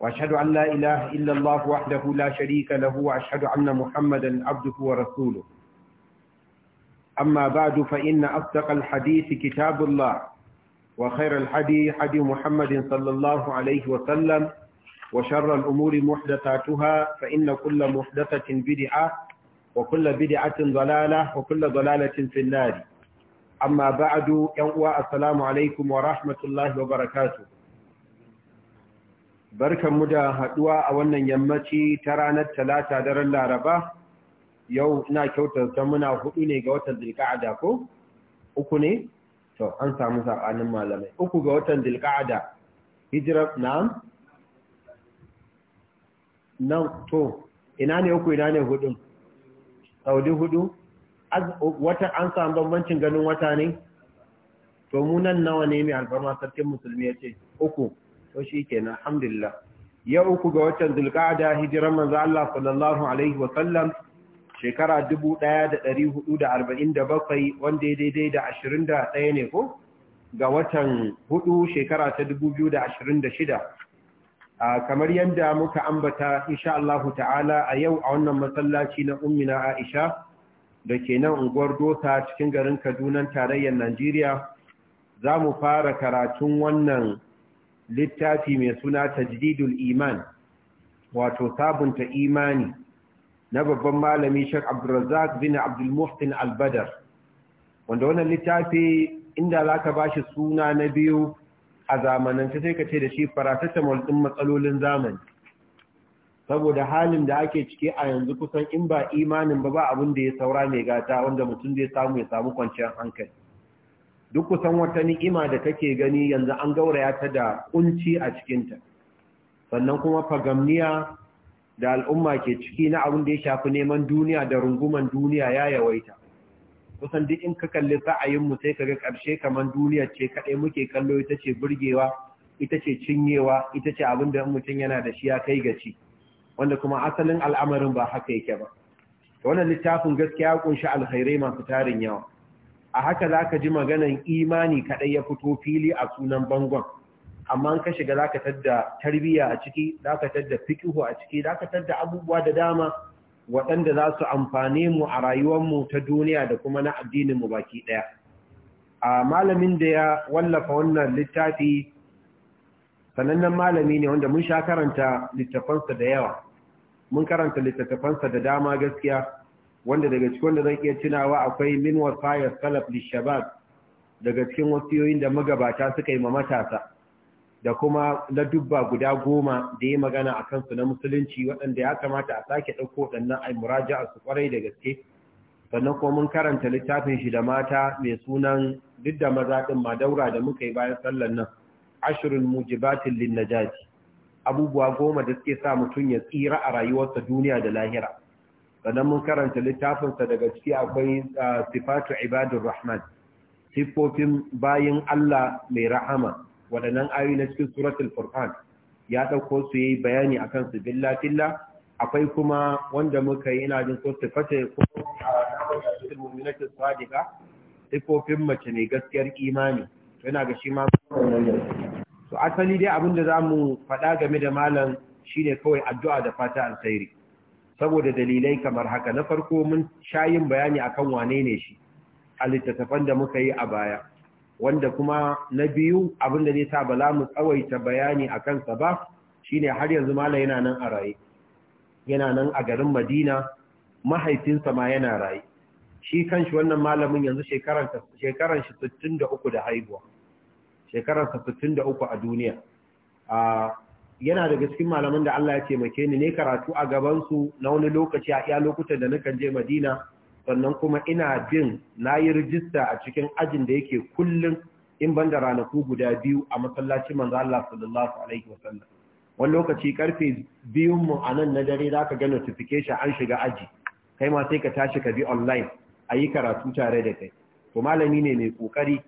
وأشهد أن لا إله إلا الله وحده لا شريك له وأشهد أن محمدا عبده ورسوله أما بعد فإن أصدق الحديث كتاب الله وخير الحدي حدي محمد صلى الله عليه وسلم وشر الأمور محدثاتها فإن كل محدثة بدعة وكل بدعة ضلالة وكل ضلالة في النار أما بعد يوم السلام عليكم ورحمة الله وبركاته mu da haduwa a wannan yammaci ta ranar talata daren laraba yau ina kyautar muna hudu ne ga watan dilka'ada ko uku ne to an samu saɓanin malamai uku ga watan dilka'ada hijira na'am nan to ina ne uku ina ne hudun saudi hudu wata an samu bambancin ganin wata ne to mu nan nawa ne mai alfarma sarkin musulmi ya ce uku to shi alhamdulillah ya uku ga watan zulqa'ada hijiran manzo Allah sallallahu alaihi wa sallam shekara 1447 wanda ya daidai da 21 ne ko ga watan hudu shekara ta 2026 kamar yadda muka ambata insha Allah ta'ala a yau a wannan masallaci na ummina Aisha da ke nan unguwar Dosa cikin garin Kaduna tarayyar Najeriya za mu fara karatun wannan littafi mai suna tajdidul iman wato sabunta imani na babban malami shek Abdulrazak bin Abdul Muhsin al badar wanda wannan littafi inda za ka ba shi suna na biyu a zamanance sai ka ce da shi farasitamol ɗin matsalolin zamani saboda halin da ake ciki a yanzu kusan in ba imanin ba ba abin da ya saura mai gata wanda mutum zai samu ya samu kwanciyar hankali duk kusan wata ni'ima da kake gani yanzu an gauraya ta da kunci a cikinta sannan kuma fagamniya da al'umma ke ciki na abin da ya shafi neman duniya da runguman duniya ya yawaita kusan duk in ka kalli sa'ayinmu sai ka ga ƙarshe kamar duniya ce kaɗai muke kallo ita ce burgewa ita ce cinyewa ita ce abin da mutum yana da shi ya kai ga ci wanda kuma asalin al'amarin ba haka yake ba wannan littafin gaskiya ya kunshi alkhairai masu tarin yawa a haka za ka ji maganan imani kaɗai ya fito fili a sunan bangon amma in ka shiga za ka tadda tarbiyya a ciki za ka tadda fikihu a ciki za ka tadda abubuwa da dama waɗanda za su amfane mu a rayuwarmu ta duniya da kuma na addininmu baki ɗaya a malamin da ya wallafa wannan littafi sanannen malami ne wanda mun sha karanta littafansa da yawa mun karanta littattafansa da dama gaskiya wanda daga cikin wanda zan iya tunawa akwai min wasaya salaf li shabab daga cikin wasiyoyin da magabata suka yi ma matasa da kuma na dubba guda goma da ya magana a kansu na musulunci waɗanda ya kamata a sake ɗauko ɗannan a muraja a su kwarai da gaske sannan kuma mun karanta littafin shi da mata mai sunan duk da maza ɗin ma daura da muka yi bayan sallan nan ashirin mujibatin lin najaji abubuwa goma da suke sa mutum ya tsira a rayuwarsa duniya da lahira sannan mun karanta littafinsa daga ciki akwai ah, sifatu ibadur rahman siffofin bayin Allah mai rahama waɗannan ayoyi na cikin suratul furqan ya dauko su yi bayani akan su billahillah akwai kuma wanda muka yi ina jin ko sifata ko ah, mu'minatu sadiqa siffofin mace mai gaskiyar imani yana ga shi ma to asali dai abinda zamu faɗa game da malam shine kawai addu'a da fata alkhairi saboda dalilai kamar haka na farko mun shayin bayani akan wane ne shi a littattafan da muka yi a baya wanda kuma na biyu abin da zai sa bala mu tsawaita bayani a kansa ba shine har yanzu mala yana nan a raye yana nan a garin madina mahaifinsa ma yana raye shi kanshi wannan malamin yanzu shekaran shi 63 da haihuwa shekaran 63 a duniya ah, yana daga cikin malaman da Allah ya taimake ni ne karatu a gabansu na wani lokaci a iya lokutan da nakan je Madina sannan kuma ina bin na yi rijista a cikin ajin da yake kullum in banda ranaku guda biyu a masallacin manzo Allah sallallahu alaihi wasallam wani lokaci karfe biyun mu a nan na dare zaka ga notification an shiga aji kai ma sai ka tashi ka bi online ayi karatu tare da kai to malami ne mai kokari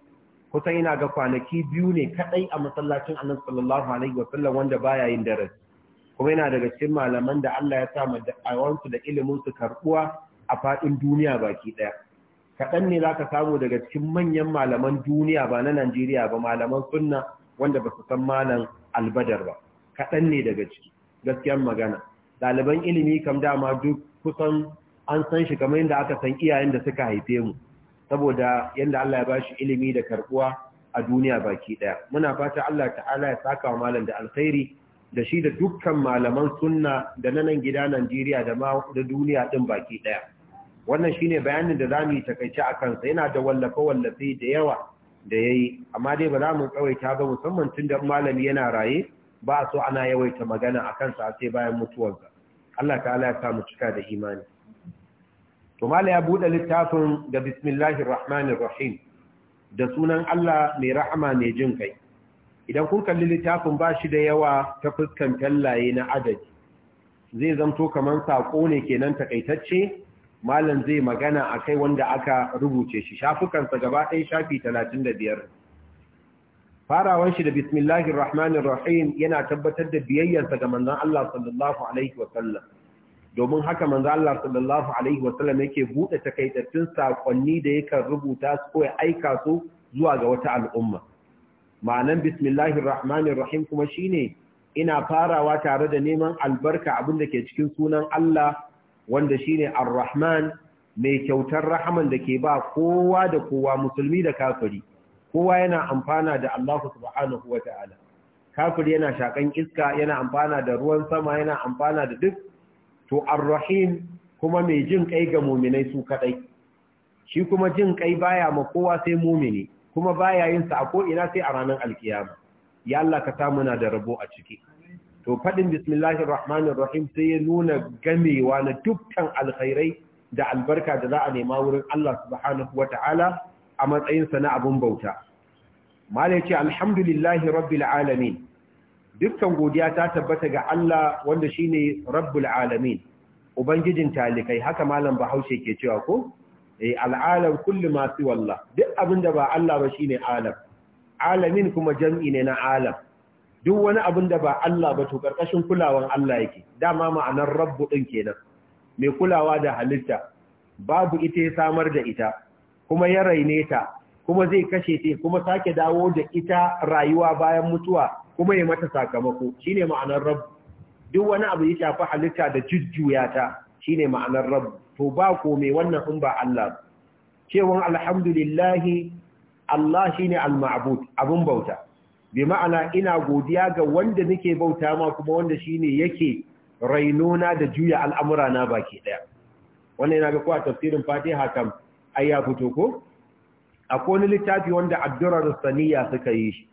kusan ina ga kwanaki biyu ne kadai a masallacin annan sallallahu alaihi sallam wanda baya yin darasi kuma yana daga cikin malaman da Allah ya sa da'awansu da ilimin su karbuwa a fadin duniya baki daya kadan ne zaka samu daga cikin manyan malaman duniya ba na Najeriya ba malaman sunna wanda ba su san malam albadar ba kadan ne daga ciki gaskiyar magana ɗaliban ilimi kam dama duk kusan an san shi kamar yadda aka san iyayen da suka haife mu saboda yadda Allah ya bashi ilimi da karbuwa a duniya baki ɗaya, muna fata Allah ta'ala ya saka wa malam da alkhairi da shi da dukkan malaman sunna da na gida Najeriya da ma da duniya din baki ɗaya. wannan shine bayanin da zamu yi takaice akan sa yana da wallafe wallafe da yawa da yayi amma dai ba za mu tsawaita ba musamman tun da malami yana raye ba a so ana yawaita magana akan sa sai bayan mutuwarsa Allah ta'ala ya sa mu cika da imani to ya buɗe littafin da bismillahir rahmanir rahim da sunan Allah mai rahama mai jin kai idan kun kalli littafin ba shi da yawa ta fuskan tallaye na adadi zai zanto kamar sako ne kenan takaitacce malam zai magana a kai wanda aka rubuce shi Shafukan sa gaba ɗaya shafi 35 farawan shi da bismillahir rahmanir rahim yana tabbatar da biyayyarsa ga manzon Allah sallallahu alaihi wa domin haka manzo Allah sallallahu alaihi wasallam yake bude takaitattun sakonni da yake rubuta su ko ya aika su zuwa ga wata al'umma ma'anan bismillahir rahmanir rahim kuma shine ina farawa tare da neman albarka abin da ke cikin sunan Allah wanda shine ar-rahman mai kyautar rahaman da ke ba kowa da kowa musulmi da kafiri kowa yana amfana da Allah subhanahu wata'ala kafiri yana shakan iska yana amfana da ruwan sama yana amfana da duk to arrahim rahim kuma mai jin kai ga muminai su kadai shi kuma jin kai baya ma kowa sai mumini kuma baya yin sa a ko ina sai a ranar alkiyama ya Allah ka samu na da rabo a ciki to fadin bismillahir rahmanir rahim sai ya nuna gamewa na dukkan alkhairai da albarka da za a nema wurin Allah subhanahu wataala a matsayin sa na abun bauta mala yace alhamdulillahi rabbil alamin dukkan godiya ta tabbata ga Allah wanda shine rabbul alamin ubangijin talikai haka malam bahaushe ke cewa ko eh al'alam kullu ma fi wallah duk abinda ba Allah ba shine alam alamin kuma jam'i ne na alam duk wani abinda ba Allah ba to karkashin kulawan Allah yake dama ma'anar rabbu din kenan mai kulawa da halitta babu ita ya samar da ita kuma ya raine ta kuma zai kashe ta kuma sake dawo da ita rayuwa bayan mutuwa kuma ya mata sakamako shi ne ma'anar rabu. duk wani abu ya shafi halitta da jujjuya ta ne ma'anar rabu. to ba komai wannan in ba Allah cewa alhamdulillahi Allah shine al-ma'bud abin bauta bi ma'ana ina godiya ga wanda nake bauta ma kuma wanda shi ne yake rainona da juya al'amura na baki ɗaya? wannan yana ga tafsirin Fatiha kam ai ko akwai wani littafi wanda abdurrahman saniya suka yi shi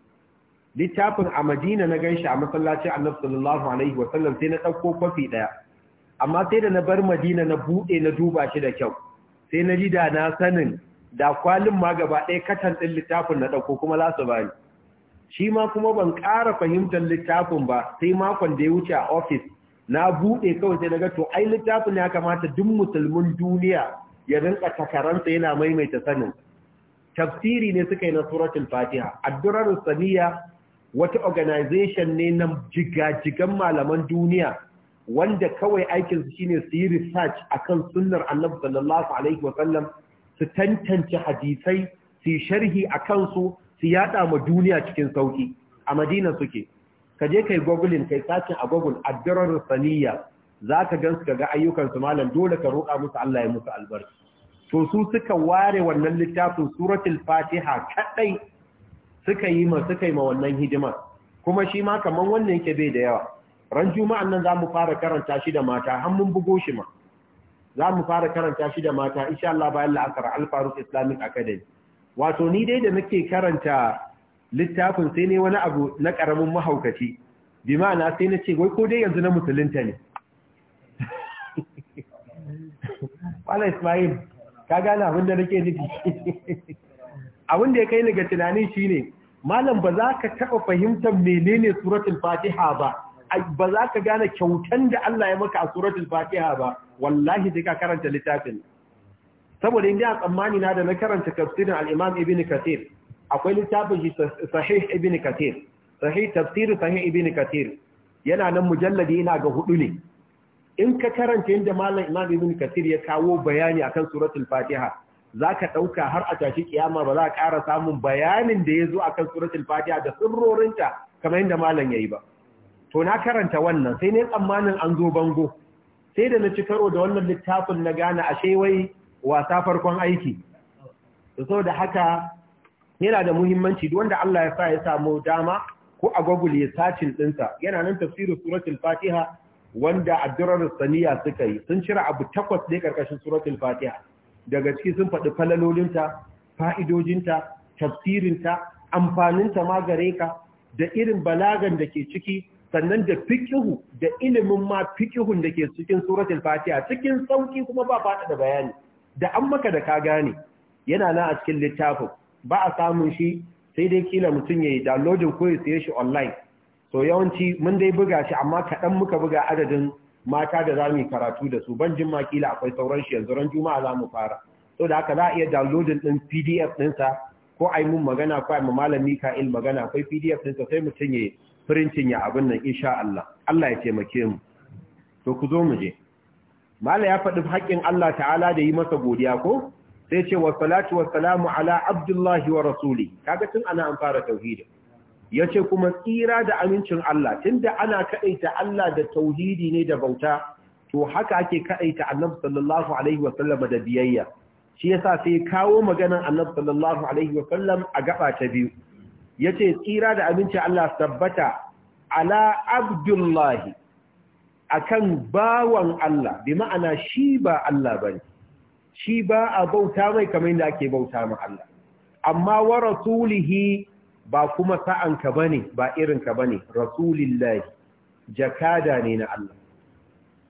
littafin a madina na ganshi a masallacin annabi sallallahu alaihi sallam sai na ɗauko kwafi ɗaya amma sai da na bar madina na buɗe na duba shi da kyau sai na ji da na sanin da kwalin ma gaba ɗaya katan ɗin littafin na ɗauko kuma za su bani shi ma kuma ban ƙara fahimtar littafin ba sai makon da ya wuce a ofis na buɗe kawai sai daga to ai littafin ya kamata duk musulmin duniya ya rinka takararsa yana maimaita sanin tafsiri ne suka yi na suratul fatiha addurar Samiya. wata organization ne na jigajigan malaman duniya wanda kawai aikinsu shine su yi research akan sunnar annabi sallallahu alaihi su tantance hadisai su sharhi a kansu su yada ma duniya cikin sauki a madina suke ka je kai googling kai sacin a google addarar saniya za ka gan su ga ayyukansu malam dole ka roƙa musu Allah ya musu albarka to su suka ware wannan littafin suratul fatiha kadai suka yi ma suka yi ma wannan hidimar kuma shi ma kaman wannan yake bai da yawa ran juma'an nan zamu fara karanta shi da mata har mun bugo shi ma zamu fara karanta shi da mata insha Allah bayan la'asar Al-Faruq Islamic Academy wato ni dai da nake karanta littafin sai ne wani abu na karamin mahaukaci bi ma'ana sai na ce wai ko dai yanzu na musulunta ne wala Ismail ka gane abin da nake nufi abin da ya kai ni ga tunanin shine malam ba za ka taɓa fahimtar menene suratul fatiha ba ba za ka gane kyautan da Allah ya maka a suratul fatiha ba wallahi sai ka karanta littafin saboda inda a tsammani na da na karanta tafsirin al-imam ibn kathir akwai littafin shi sahih ibn kathir sahih tafsir sahih ibn kathir yana nan mujalladi ina ga hudu ne in ka karanta inda malam imam ibn kathir ya kawo bayani akan suratul fatiha za ka ɗauka har a tashi kiyama ba za a ƙara samun bayanin da ya zo a kan suratul fatiha da sirrorinta kamar yadda malam ya yi ba to na karanta wannan sai ne tsammanin an zo bango sai da na ci karo da wannan littafin na gane ashe wai wasa farkon aiki sau da haka yana da muhimmanci duk wanda Allah ya sa ya samu dama ko a Google ya sacin ɗinsa yana nan tafsirin suratul fatiha wanda addurar saniya suka yi sun cire abu takwas ne karkashin suratul fatiha daga ciki sun faɗi falalolinta fa'idojinta tafsirinta amfaninta ma gare ka da irin balagan da ke ciki sannan da fikihu da ilimin ma fikihun da ke cikin suratul fatiha cikin sauki kuma ba faɗa da bayani da an maka da ka gane yana nan a cikin littafin ba a samun shi sai dai kila mutum ya yi downloading ko ya siye shi online so yawanci mun dai buga shi amma kaɗan muka buga adadin mata da za mu yi karatu da su ban jin makila akwai sauran shi yanzu ran juma'a za mu fara to da haka za a iya downloading din pdf ɗinsa ko a yi mun magana ko a yi malam mika'il magana akwai pdf ɗinsa sai mutum ya printin ya abin nan insha Allah Allah ya taimake mu to ku zo mu je mala ya faɗi haƙƙin Allah ta'ala da yi masa godiya ko sai ce wa salatu wa salamu ala abdullahi wa rasuli kaga tun ana an fara tauhidin ya ce kuma tsira da amincin Allah tunda ana kaɗaita Allah da tauhidi ne da bauta to haka ake kaɗaita annabi sallallahu alaihi wasallam da biyayya shi yasa sai kawo maganar annabi sallallahu alaihi wasallam a gaba ta biyu yace tsira da amincin Allah tabbata ala abdullahi akan bawan Allah bi ma'ana shi ba Allah bane shi ba a bauta mai kamar yadda ake bauta ma Allah amma wa rasulihi ba kuma sa'anka ba ne ba irinka ba ne rasulillahi jakada ne na Allah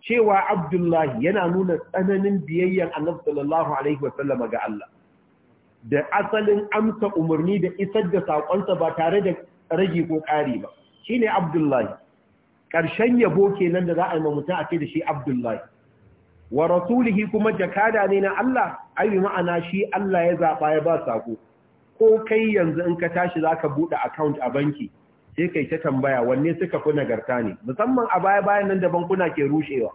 cewa abdullahi yana nuna tsananin biyayyan annabi sallallahu alaihi wasallama ga Allah da asalin amsa umarni da isar da saƙonsa ba tare da rage ko ƙari ba shine abdullahi ƙarshen yabo kenan da za a yi mamuta a ce da shi abdullahi wa rasulihi kuma jakada ne na Allah ayi ma'ana shi Allah ya zaɓa ya ba sako ko kai yanzu in ka tashi za ka buɗe account a banki sai kai ta tambaya wanne suka fi nagarta ne musamman a baya bayan nan da bankuna ke rushewa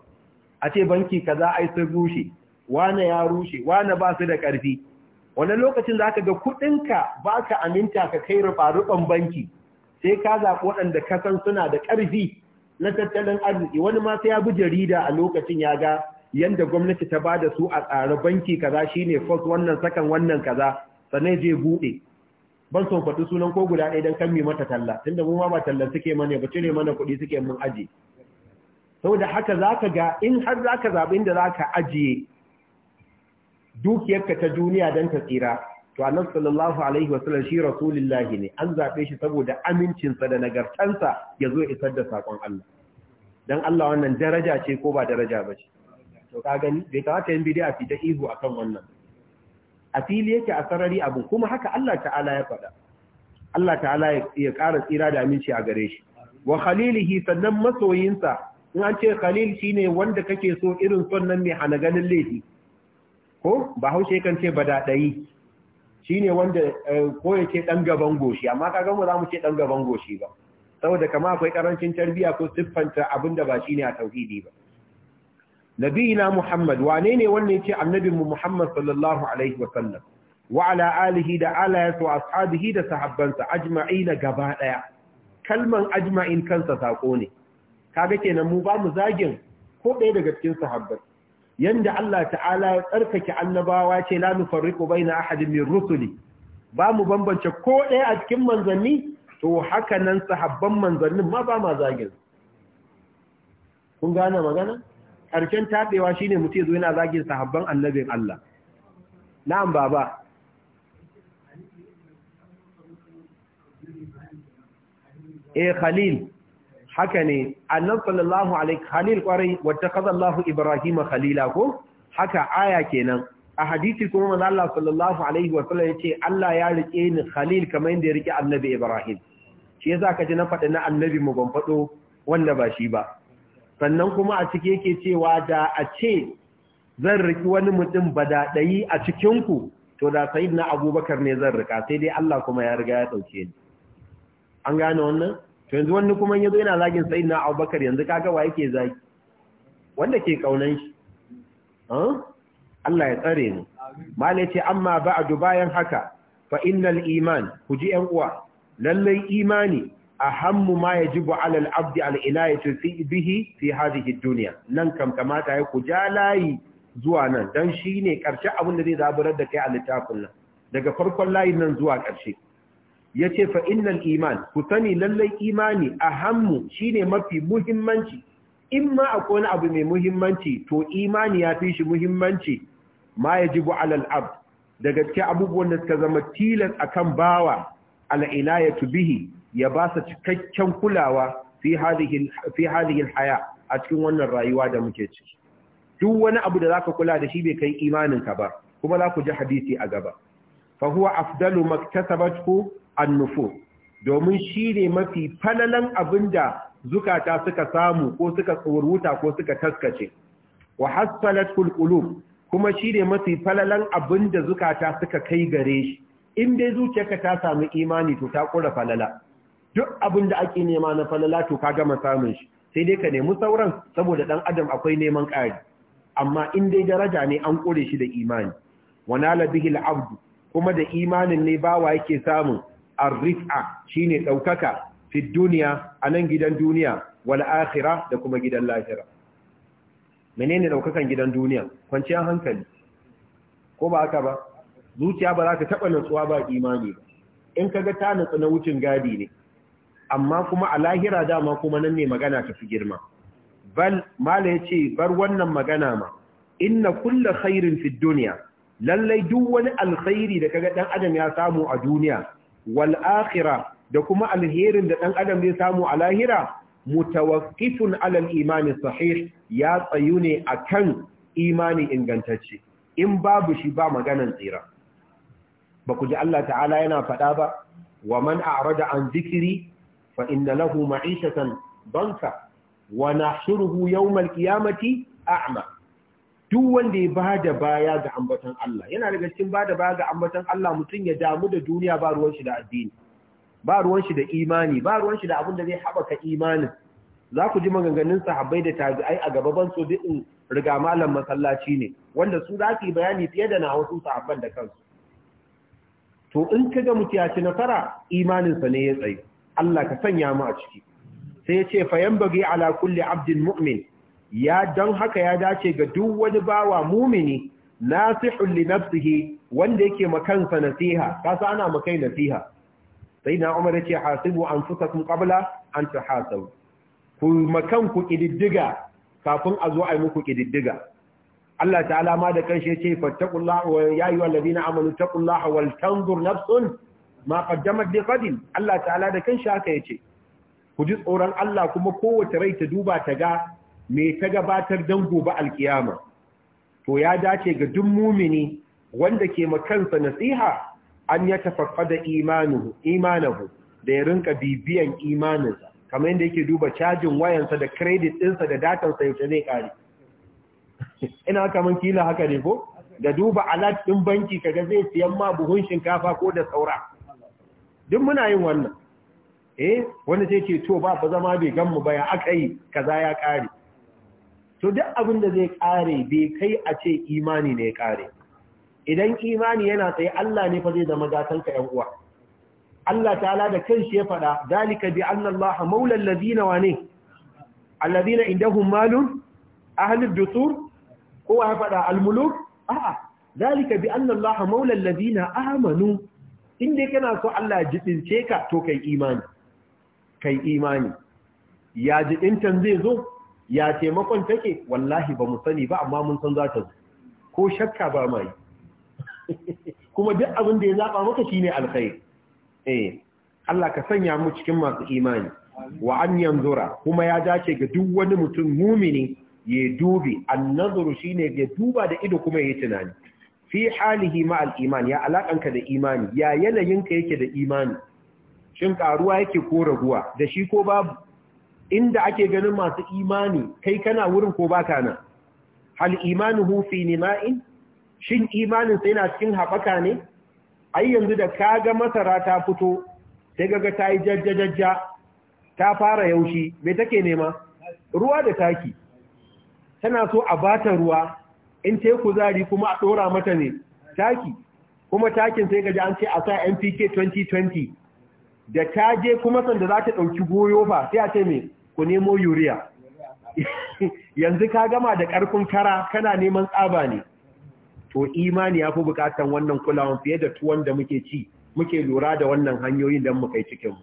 a ce banki kaza ai sun rushe wane ya rushe wane ba su da ƙarfi wani lokacin za ka ga kuɗinka ba ka aminta ka kai rufa-rufan banki sai ka zaɓi waɗanda ka san suna da ƙarfi na tattalin arziki wani ma sai ya bi jarida a lokacin ya ga yanda gwamnati ta ba da su a tsare banki kaza shine first wannan sakan wannan kaza sannan zai buɗe ban son faɗi sunan ko guda ɗaya don kammi mata talla tunda mu ma ba tallan suke mana ba cire mana kuɗi suke mun aje saboda haka zaka ga in har zaka zaɓi inda zaka ajiye dukiyarka ta duniya don ta tsira to annabi sallallahu alaihi wa sallam shi rasulullahi ne an zaɓe shi saboda amincinsa da nagartansa ya zo isar da sakon Allah dan Allah wannan daraja ce ko ba daraja ba ce to ka gani bai kamata yin bid'a fi ta ihu akan wannan a fili yake a sarari abu kuma haka Allah ta'ala ya faɗa Allah ta'ala ya ƙara tsira da aminci a gare shi wa khalilihi sannan masoyinsa in an ce khalil shine wanda kake so irin son nan mai hana ganin laifi ko bahaushe kan ce badadai shine wanda eh, ko ya ce dan gaban goshi amma ka mu za mu ce dan gaban goshi ba saboda kama akwai karancin tarbiyya ko siffanta abin da ba shine a tauhidi ba nabiyina Muhammad wane ne wannan ce mu Muhammad sallallahu alaihi wa sallam wa ala alihi da alayhi wa ashabihi da sahabbansa ajma'ina gaba daya kalman ajma'in kansa sako ne kaga kenan mu ba mu zagin ko ɗaya daga cikin sahabbai yanda Allah ta'ala ya tsarkake annabawa ce la nufarriqu baina ahadin min rusuli ba mu bambance ko ɗaya a cikin manzanni to haka nan sahabban manzannin ma ba ma zagin kun gane magana ƙarshen taɓewa shine mutu ya zo yana zagin sahabban annabin Allah ba ba. eh khalil haka ne annabi sallallahu alaihi khalil kwarai wattakhadha Allahu Ibrahim khalila ko haka aya kenan a hadisi kuma manzo Allah sallallahu alaihi wa sallam ce Allah ya rike ni khalil kamar yadda ya rike annabi Ibrahim shi yasa ka ji na faɗi na annabi mu ban faɗo wanda ba shi ba sannan kuma a cike yake cewa da a ce zan riki wani mutum badaɗayi a cikinku to da sayid na abubakar ne zan rika sai dai Allah kuma ya riga ya ɗauke ni an gane wannan to yanzu wani kuma ya zo yana zagin sayid na abubakar yanzu kaga wa yake zagi wanda ke kaunan shi Allah ya tsare ni malai ce amma ba a bayan haka fa innal iman ku ji 'yan uwa lallai imani ahammu ma yajibu ala al-abdi al-inayatu fi bihi fi hadhihi ad nan kam kamata ya ku layi zuwa nan dan shine karshe abin da zai zabarar da kai a littafin nan daga farkon layi nan zuwa karshe yace fa innal iman ku sani lallai imani ahammu shine mafi muhimmanci in ma akwai wani abu mai muhimmanci to imani ya fi shi muhimmanci ma yajibu ala al-abd daga cikin abubuwan da suka zama tilas akan bawa al-inayatu bihi ya ba su cikakken kulawa fi hadhihi alhaya a cikin wannan rayuwa da muke ciki duk wani abu da zaka kula da shi bai kai imanin ka ba kuma za ku ji hadisi a gaba fa huwa afdalu maktasabatku an domin shi ne mafi falalan abinda zukata suka samu ko suka tsoruta ko suka taskace wa hasalatul qulub kuma shi ne mafi falalan abinda zukata suka kai gare shi in dai zuciyarka ta samu imani to ta kura falala duk abin da ake nema na falala to ka gama samun shi sai dai ka nemi sauran saboda dan adam akwai neman ƙari amma in dai daraja ne an kore shi da imani wanala bihi al-abd kuma da imanin ne bawa yake samun ar-rif'a shine ɗaukaka fi a nan gidan duniya wal akhirah da kuma gidan lahira menene ɗaukakan gidan duniya kwanciyar hankali ko ba haka ba zuciya ba za ka taba nutsuwa ba imani ba in kaga ta nutsu na wucin gadi ne amma kuma a lahira dama kuma nan ne magana ta fi girma bal mala yace bar wannan magana ma inna kullu khairin fid dunya lallai duk wani alkhairi da kaga dan adam ya samu a duniya wal akhirah da kuma alherin da dan adam zai samu a lahira mutawaqqifun ala al imani sahih ya tsayu ne akan imani ingantacce in babu shi ba maganan tsira ba ku ji Allah ta'ala yana faɗa ba wa man a'rada an zikiri fa inna lahu ma'ishatan banka wa nahshuruhu yawmal qiyamati a'ma duk wanda ya bada baya ga ambaton Allah yana daga cikin bada baya ga ambaton Allah mutum ya damu da duniya ba ruwan shi da addini ba ruwan shi da imani ba ruwan shi da abin da zai haɓaka imanin za ku ji maganganun sahabbai da tabi'ai a gababan su riga malam masallaci ne wanda su za su bayani fiye da na wasu sahabban da kansu to in kaga ga ci nasara imaninsa ne ya tsaye Allah ka sanya mu a ciki sai ya ce fayan bagi ala kulli abdin mu'min ya don haka ya dace ga duk wani bawa mumini nasihun li nafsihi wanda yake makansa nasiha kasa ana makai nasiha sai na umar yace hasibu anfusakum qabla an tahasabu ku makan ku kididdiga kafin a zo a yi muku kididdiga Allah ta'ala ma da kanshi ce fattaqullaha wa ya ayyuhal amanu taqullaha wal tanzur nafsun ma qaddamat li qadin Allah ta'ala da kansa haka yace ku ji tsoron Allah kuma kowace rai ta duba ta ga me ta gabatar dan gobe alkiyama to ya dace ga duk mumini wanda ke makansa nasiha an ya tafaqqada imanuhu imanahu da ya rinka bibiyan imaninsa kamar yadda yake duba cajin wayansa da credit ɗinsa da sa yaushe zai kare ina kaman kila haka ne ko da duba alat ɗin banki kaga zai siyan ma buhun shinkafa ko da saura duk muna yin wannan eh wani sai ce to ba zama bai gan mu ba ya aka yi kaza ya kare to duk abin da zai kare bai kai a ce imani ne ya kare idan imani yana tsaye Allah ne fa zai zama ka 'yan uwa Allah ta'ala da kanshi ya faɗa dalika bi anna Allah maula alladhina wa ne alladhina indahum malun ahli dusur ko ya faɗa almuluk a'a dalika bi anna Allah maula alladhina amanu in dai kana so Allah ya jidince ka to kai imani kai imani ya jidintan zai zo ya taimakon take wallahi ba mu sani ba amma mun san za ta zo ko shakka ba mai kuma duk abin da ya zaba maka shine alkhair eh Allah ka sanya mu cikin masu imani wa an yanzura kuma ya dace ga duk wani mutum mumini ya dubi annazuru shine ya duba da ido kuma ya yi tunani fi halihi ma'al iman ya alakanka da imani ya yanayinka yake da imani shin karuwa yake ko raguwa da shi ko babu inda ake ganin masu imani kai kana wurin ko baka nan hal imanuhu fi nima'in shin imanin sai na cikin haɓaka ne ai yanzu da kaga masara ta fito sai kaga ta yi jajjajajja ta fara yaushi me take nema ruwa da taki tana so a bata ruwa in ta yi kuzari kuma a tsora mata ne taki kuma takin sai gaji an ce a sa mpk 2020 da ta je kuma sanda za ta ɗauki goyo fa sai a ce mai ku nemo yuriya yanzu ka gama da ƙarfin kara kana neman tsaba ne to imani ya fi bukatar wannan kulawan fiye da tuwon da muke ci muke lura da wannan hanyoyin don mu kai cikinmu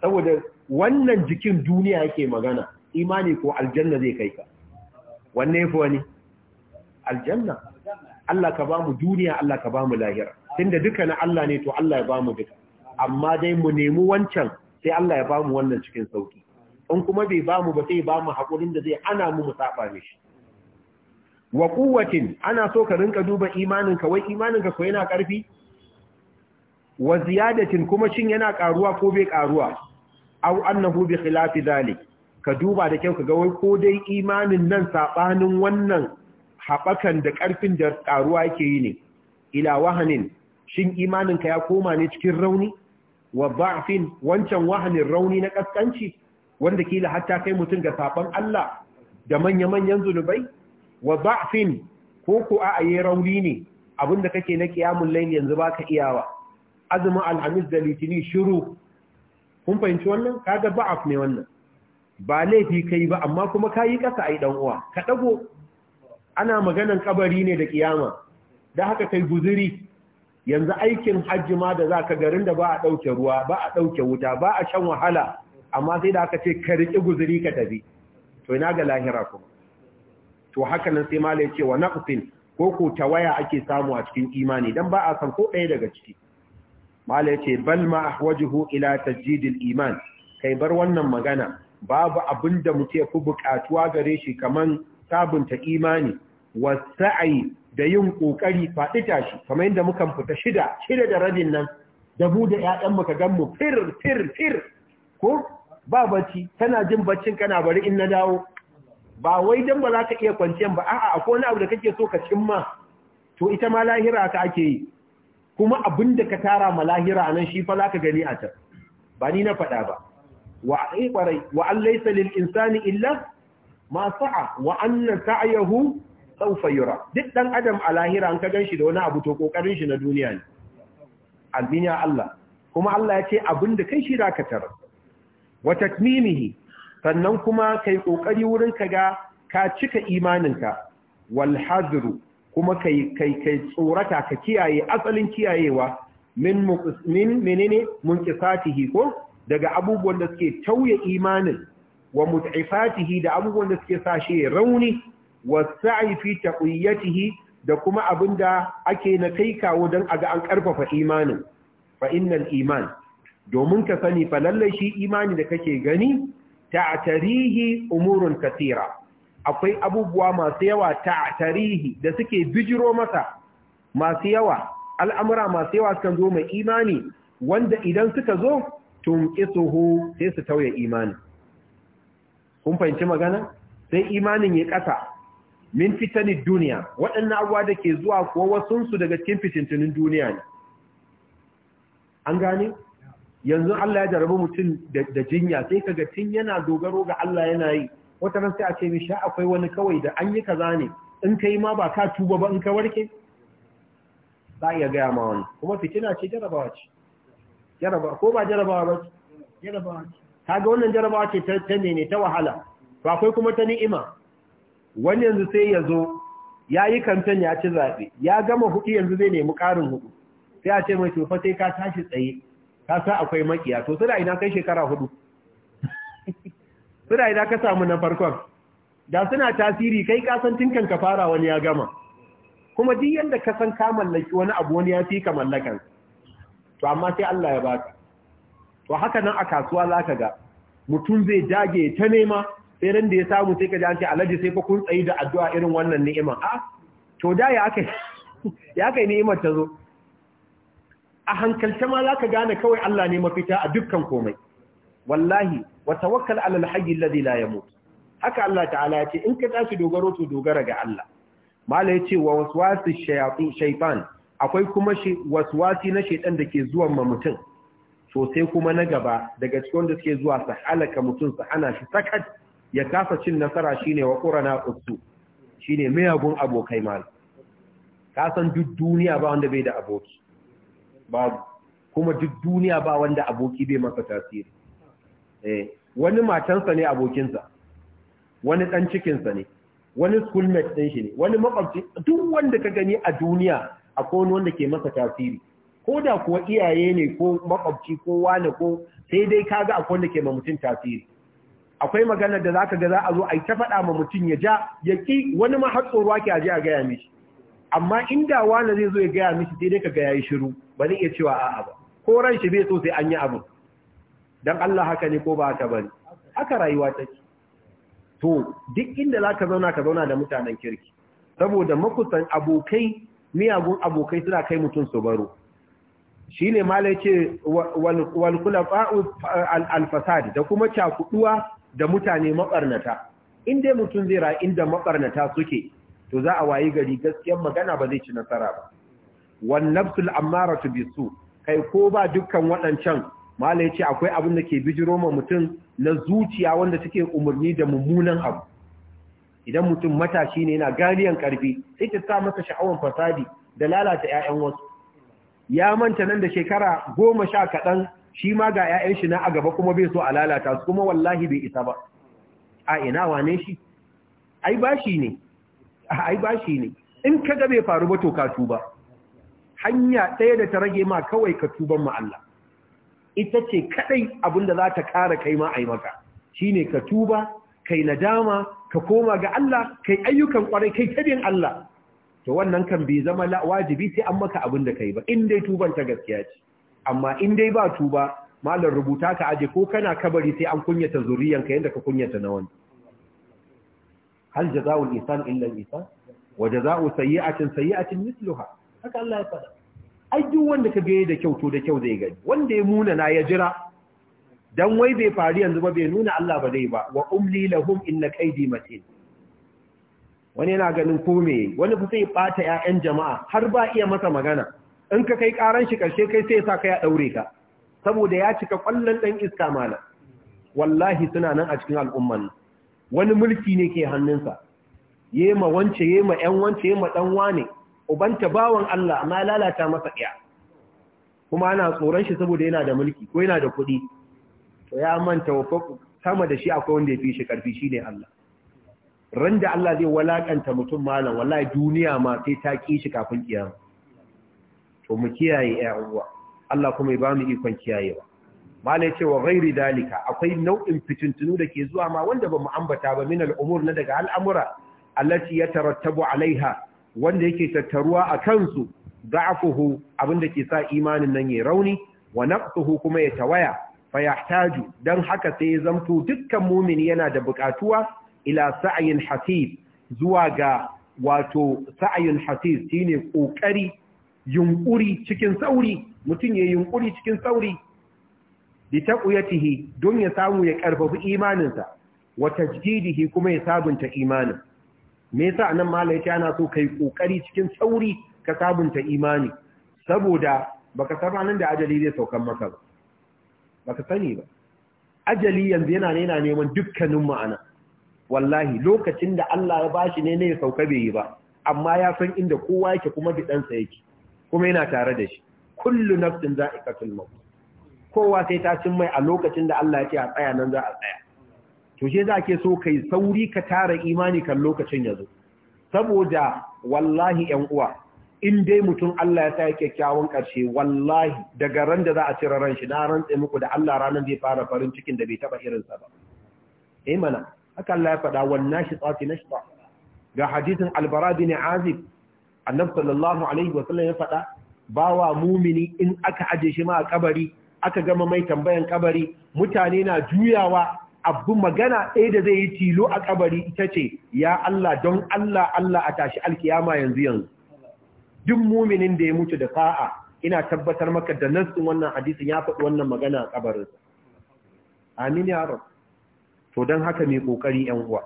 saboda wannan jikin duniya yake magana imani ko aljanna zai kai ka wanne ya fi wani aljanna Allah ka bamu duniya Allah ka bamu lahira tunda duka na Allah ne to Allah ya bamu duka amma dai mu nemi wancan sai Allah ya bamu wannan cikin sauki in kuma bai bamu ba sai bamu hakurin da zai ana mu musafa mishi wa quwwatin ana so ka rinka duba imanin ka wai imanin ka ko yana karfi wa ziyadatin kuma shin yana karuwa ko bai karuwa Au annahu bi khilafi dhalik ka duba da kyau ka ga wai ko dai imanin nan sabanin wannan haɓakan da ƙarfin da ƙaruwa yake yi ne ila wahanin shin imaninka ya koma ne cikin rauni wa ba'afin wancan wahanin rauni na ƙasƙanci wanda kila hatta kai mutum ga saɓon Allah da manya-manyan zunubai wa ba'afin ko ko a ayi rauni ne abinda kake na ƙiyamun lain yanzu baka iyawa azumin alhamis da litini shiru kun fahimci wannan ga ba'af ne wannan ba laifi kai ba amma kuma kayi ƙasa ai ɗan uwa ka ɗago ana maganan kabari ne da kiyama da haka kai guziri yanzu aikin hajji ma da zaka garin da ba a dauke ruwa ba a dauke wuta ba a shan wahala amma sai da aka ce ka riki guziri ka tafi to ina ga lahira kuma to haka nan sai malai ce wa naqsin ko ko waya ake samu a cikin imani dan ba a san ko ɗaya daga ciki malai ce bal ma ahwajuhu ila tajdidil iman kai bar wannan magana babu abinda mutum ce fi bukatuwa gare shi kaman sabunta imani wasa'i da yin kokari faɗi tashi kamar yadda muka fita shida shida da rabin nan da mu da ƴaƴan mu ka gan mu fir fir fir ko ba bacci kana jin baccin kana bari in na dawo ba wai dan ba za ka iya kwanciyan ba a'a akwai wani abu da kake so ka cimma to ita ma lahira ka ake yi kuma abin da ka tara ma lahira nan shi fa za ka gani a can ba ni na faɗa ba wa eh, ƙwarai wa an laisa lil insani illa ma a wa anna sa'yahu sawfa duk dan adam a lahira an ka ganshi da wani abu to kokarin shi na duniya ne albiniya Allah kuma Allah ya ce abin da kai shi zaka tara wa takmimihi sannan kuma kai kokari wurin ka ga ka cika imaninka wal kuma kai kai kai tsorata ka kiyaye asalin kiyayewa min min menene kisatihi ko daga abubuwan da suke tauye imanin wa mut'ifatihi da abubuwan da suke sa shi rauni wa sa'i fi taqiyatihi da kuma abinda ake na kai kawo dan aga an karfafa imanin fa innal iman domin ka sani fa lalle shi imani da kake gani ta'tarihi umurun katira akwai abubuwa masu yawa ta'tarihi da suke bijiro masa masu yawa al'amura masu yawa kan zo mai imani wanda idan suka zo tunqisuhu sai su tauye imani kun fahimci magana sai imanin ya ƙasa min fitanin duniya waɗannan abuwa da ke zuwa kuwa wasunsu daga cikin fitintunin duniya ne an gane yanzu Allah ya jarabi mutum da jinya sai kaga tun yana dogaro ga Allah yana yi wata ran sai a ce misha akwai wani kawai da an yi kaza ne in kai ma ba ka tuba ba in ka warke za a iya ma wani kuma fitina ce jarabawa ce jarabawa ko ba jarabawa ba jarabawa ce kaga wannan jarabawa ce ta ne ta wahala to akwai kuma ta ni'ima wani yanzu sai ya zo ya yi kamfen ya ci zaɓe ya gama hudu yanzu zai nemi ƙarin hudu sai a ce mai tofa sai ka tashi tsaye ka sa akwai makiya to suna ina kai shekara hudu da ina ka samu na farkon da suna tasiri kai san tinkan ka fara wani ya gama kuma duk yanda ka san ka mallaki wani abu wani ya fi ka mallakan to amma sai Allah ya baka to haka nan a kasuwa za ka ga mutum zai dage ta nema sai ran da ya samu sai ka ji an ce alhaji sai fa kun tsayi da addu'a irin wannan ni'ima a ah, to da ya kai ya kai ni'imar ta zo a hankalce ma ka gane kawai Allah ne mafita a dukkan komai wallahi wa tawakkal ala alhayy alladhi la yamut haka Allah ta'ala ya ce in ka tashi dogaro to dogara ga Allah mala yace wa waswasi shayatin shaytan akwai kuma waswasi na shaytan dake zuwan ma mutum to sai kuma na gaba daga cikin wanda suke zuwa su halaka mutum su hana shi sakat ya kasa cin nasara shine wa qurana usu shine miyagun abokai mal ka san duk duniya ba wanda bai da aboki babu kuma duk duniya ba wanda aboki bai masa tasiri eh wani matansa ne abokinsa wani dan cikinsa ne wani schoolmate din shi ne wani makwabci duk wanda ka gani a duniya akwai wanda ke masa tasiri ko da kuwa iyaye ne ko makwabci ko wane ko sai dai kaga akwai wanda ke ma mutum tasiri akwai magana da zaka ga za a zo a yi ta faɗa ma mutum ya ja ya ki wani ma har tsoro ake aje a gaya mishi amma inda wani zai zo ya gaya mishi sai dai ka gaya yi shiru ba zai iya cewa a'a ba ko ran shi bai so sai an yi abu dan Allah haka ne ko ba haka bane haka rayuwa take to duk inda zaka zauna ka zauna da mutanen kirki saboda makusan abokai miyagun abokai suna kai mutum su baro shi ne malai ce walkulafa'u alfasadi da kuma cakuduwa da mutane maɓarnata inda mutum zai rayu inda maɓarnata suke to za a wayi gari gaskiyar magana ba zai ci nasara ba wannabtul ammaratu bisu kai ko ba dukkan waɗancan malai ce akwai abin da ke bijiro ma mutum na zuciya wanda suke umarni da mummunan abu idan mutum matashi ne na galiyan karfi sai ta sa masa sha'awan fasadi da lalata 'ya'yan wasu ya manta nan da shekara goma sha kaɗan shi ma ga 'ya'yan shi na a gaba kuma bai so a lalata su kuma wallahi bai isa ba a ina wane shi ai bashi ne ai shi ne in kaga bai faru ba to ka tuba hanya ɗaya da ta rage ma kawai ka tuban ma Allah ita ce kaɗai kadai da za ta kara kai ma ai maka Shi ne ka tuba kai nadama ka koma ga Allah kai ayyukan ƙwarai kai ta bin Allah to wannan kan bai zama wajibi sai an maka abin da kai ba in dai tuban ta gaskiya ce amma in dai ba tuba malar rubuta ka aje ko kana kabari sai an kunyata zuriyanka yadda ka kunyata na wani hal jaza'ul isan illa al-isan wa jaza'u sayyi'atin sayyi'atin mithluha haka Allah ya faɗa ai duk wanda ka ga da kyau to da kyau zai gani wanda ya muna na ya jira dan wai bai faru yanzu ba bai nuna Allah ba dai ba wa umli lahum inna kaidi matin wani yana ganin ko me wani fa sai bata ƴaƴan jama'a har ba iya masa magana in ka kai karan shi karshe kai sai sa ka ya daure ka saboda ya cika kwallon dan iska mana wallahi suna nan a cikin al'umman wani mulki ne ke hannunsa yema wance yema ƴan wance yema dan wane ubanta bawan Allah amma lalata masa ɗaya kuma ana tsoron shi saboda yana da mulki ko yana da kuɗi to ya manta wa sama da shi akwai wanda ya fi shi karfi shine Allah ran da Allah zai walakanta mutum malam wallahi duniya ma sai ta ki shi kafin kiyama to mu kiyaye ƴan Allah kuma ya ba mu ikon kiyayewa malai ce wa ghairi dalika akwai nau'in fitintunu da ke zuwa ma wanda ba mu ambata ba min al'umur na daga al'amura allati yatarattabu alaiha wanda yake tattaruwa a kansu da'afuhu abinda ke sa imanin nan ya rauni wa naqsuhu kuma ya tawaya fayahtaju dan haka sai ya zamto dukkan mu'mini yana da buƙatuwa ila sa'ayin hasid zuwa ga wato sa'ayin hasid shine kokari yunkuri cikin sauri mutum ya yunkuri cikin sauri bi taqwiyatihi don ya samu ya karfafi imaninsa wa tajdidihi kuma ya sabunta imanin me yasa anan malai ta ana so kai kokari cikin sauri ka sabunta imani saboda baka san ranar da ajali zai saukan maka ba baka sani ba ajali yanzu yana ne yana neman dukkanin ma'ana wallahi lokacin da Allah ya bashi ne ne ya sauka bai yi ba amma ya san inda kowa yake kuma sa yake kuma yana tare da shi kullu nafsin za'iqatul maut kowa sai ta cin mai a lokacin da Allah ya ce a tsaya nan za a tsaya to she za ke so kai sauri ka tara imani kan lokacin ya saboda wallahi yan uwa in dai mutum Allah ya sa ya kyakkyawan karshe wallahi daga ran da za a cire ran shi na rantse muku da Allah ranar zai fara farin cikin da bai taba irin sa ba eh mana haka Allah ya faɗa wannan shi tsafi na ga hadisin albara bin azib annab sallallahu alaihi wa sallam ya faɗa bawa mumini in aka aje shi ma a kabari aka gama mai tambayan kabari mutane na juyawa abu magana ɗaya da zai yi tilo a kabari ita ce ya Allah don Allah Allah a tashi alkiyama yanzu yanzu duk muminin da ya mutu da sa'a ina tabbatar maka da nasin wannan hadisin ya faɗi wannan magana a kabarinsa amin ya rabu to don haka mai kokari yan uwa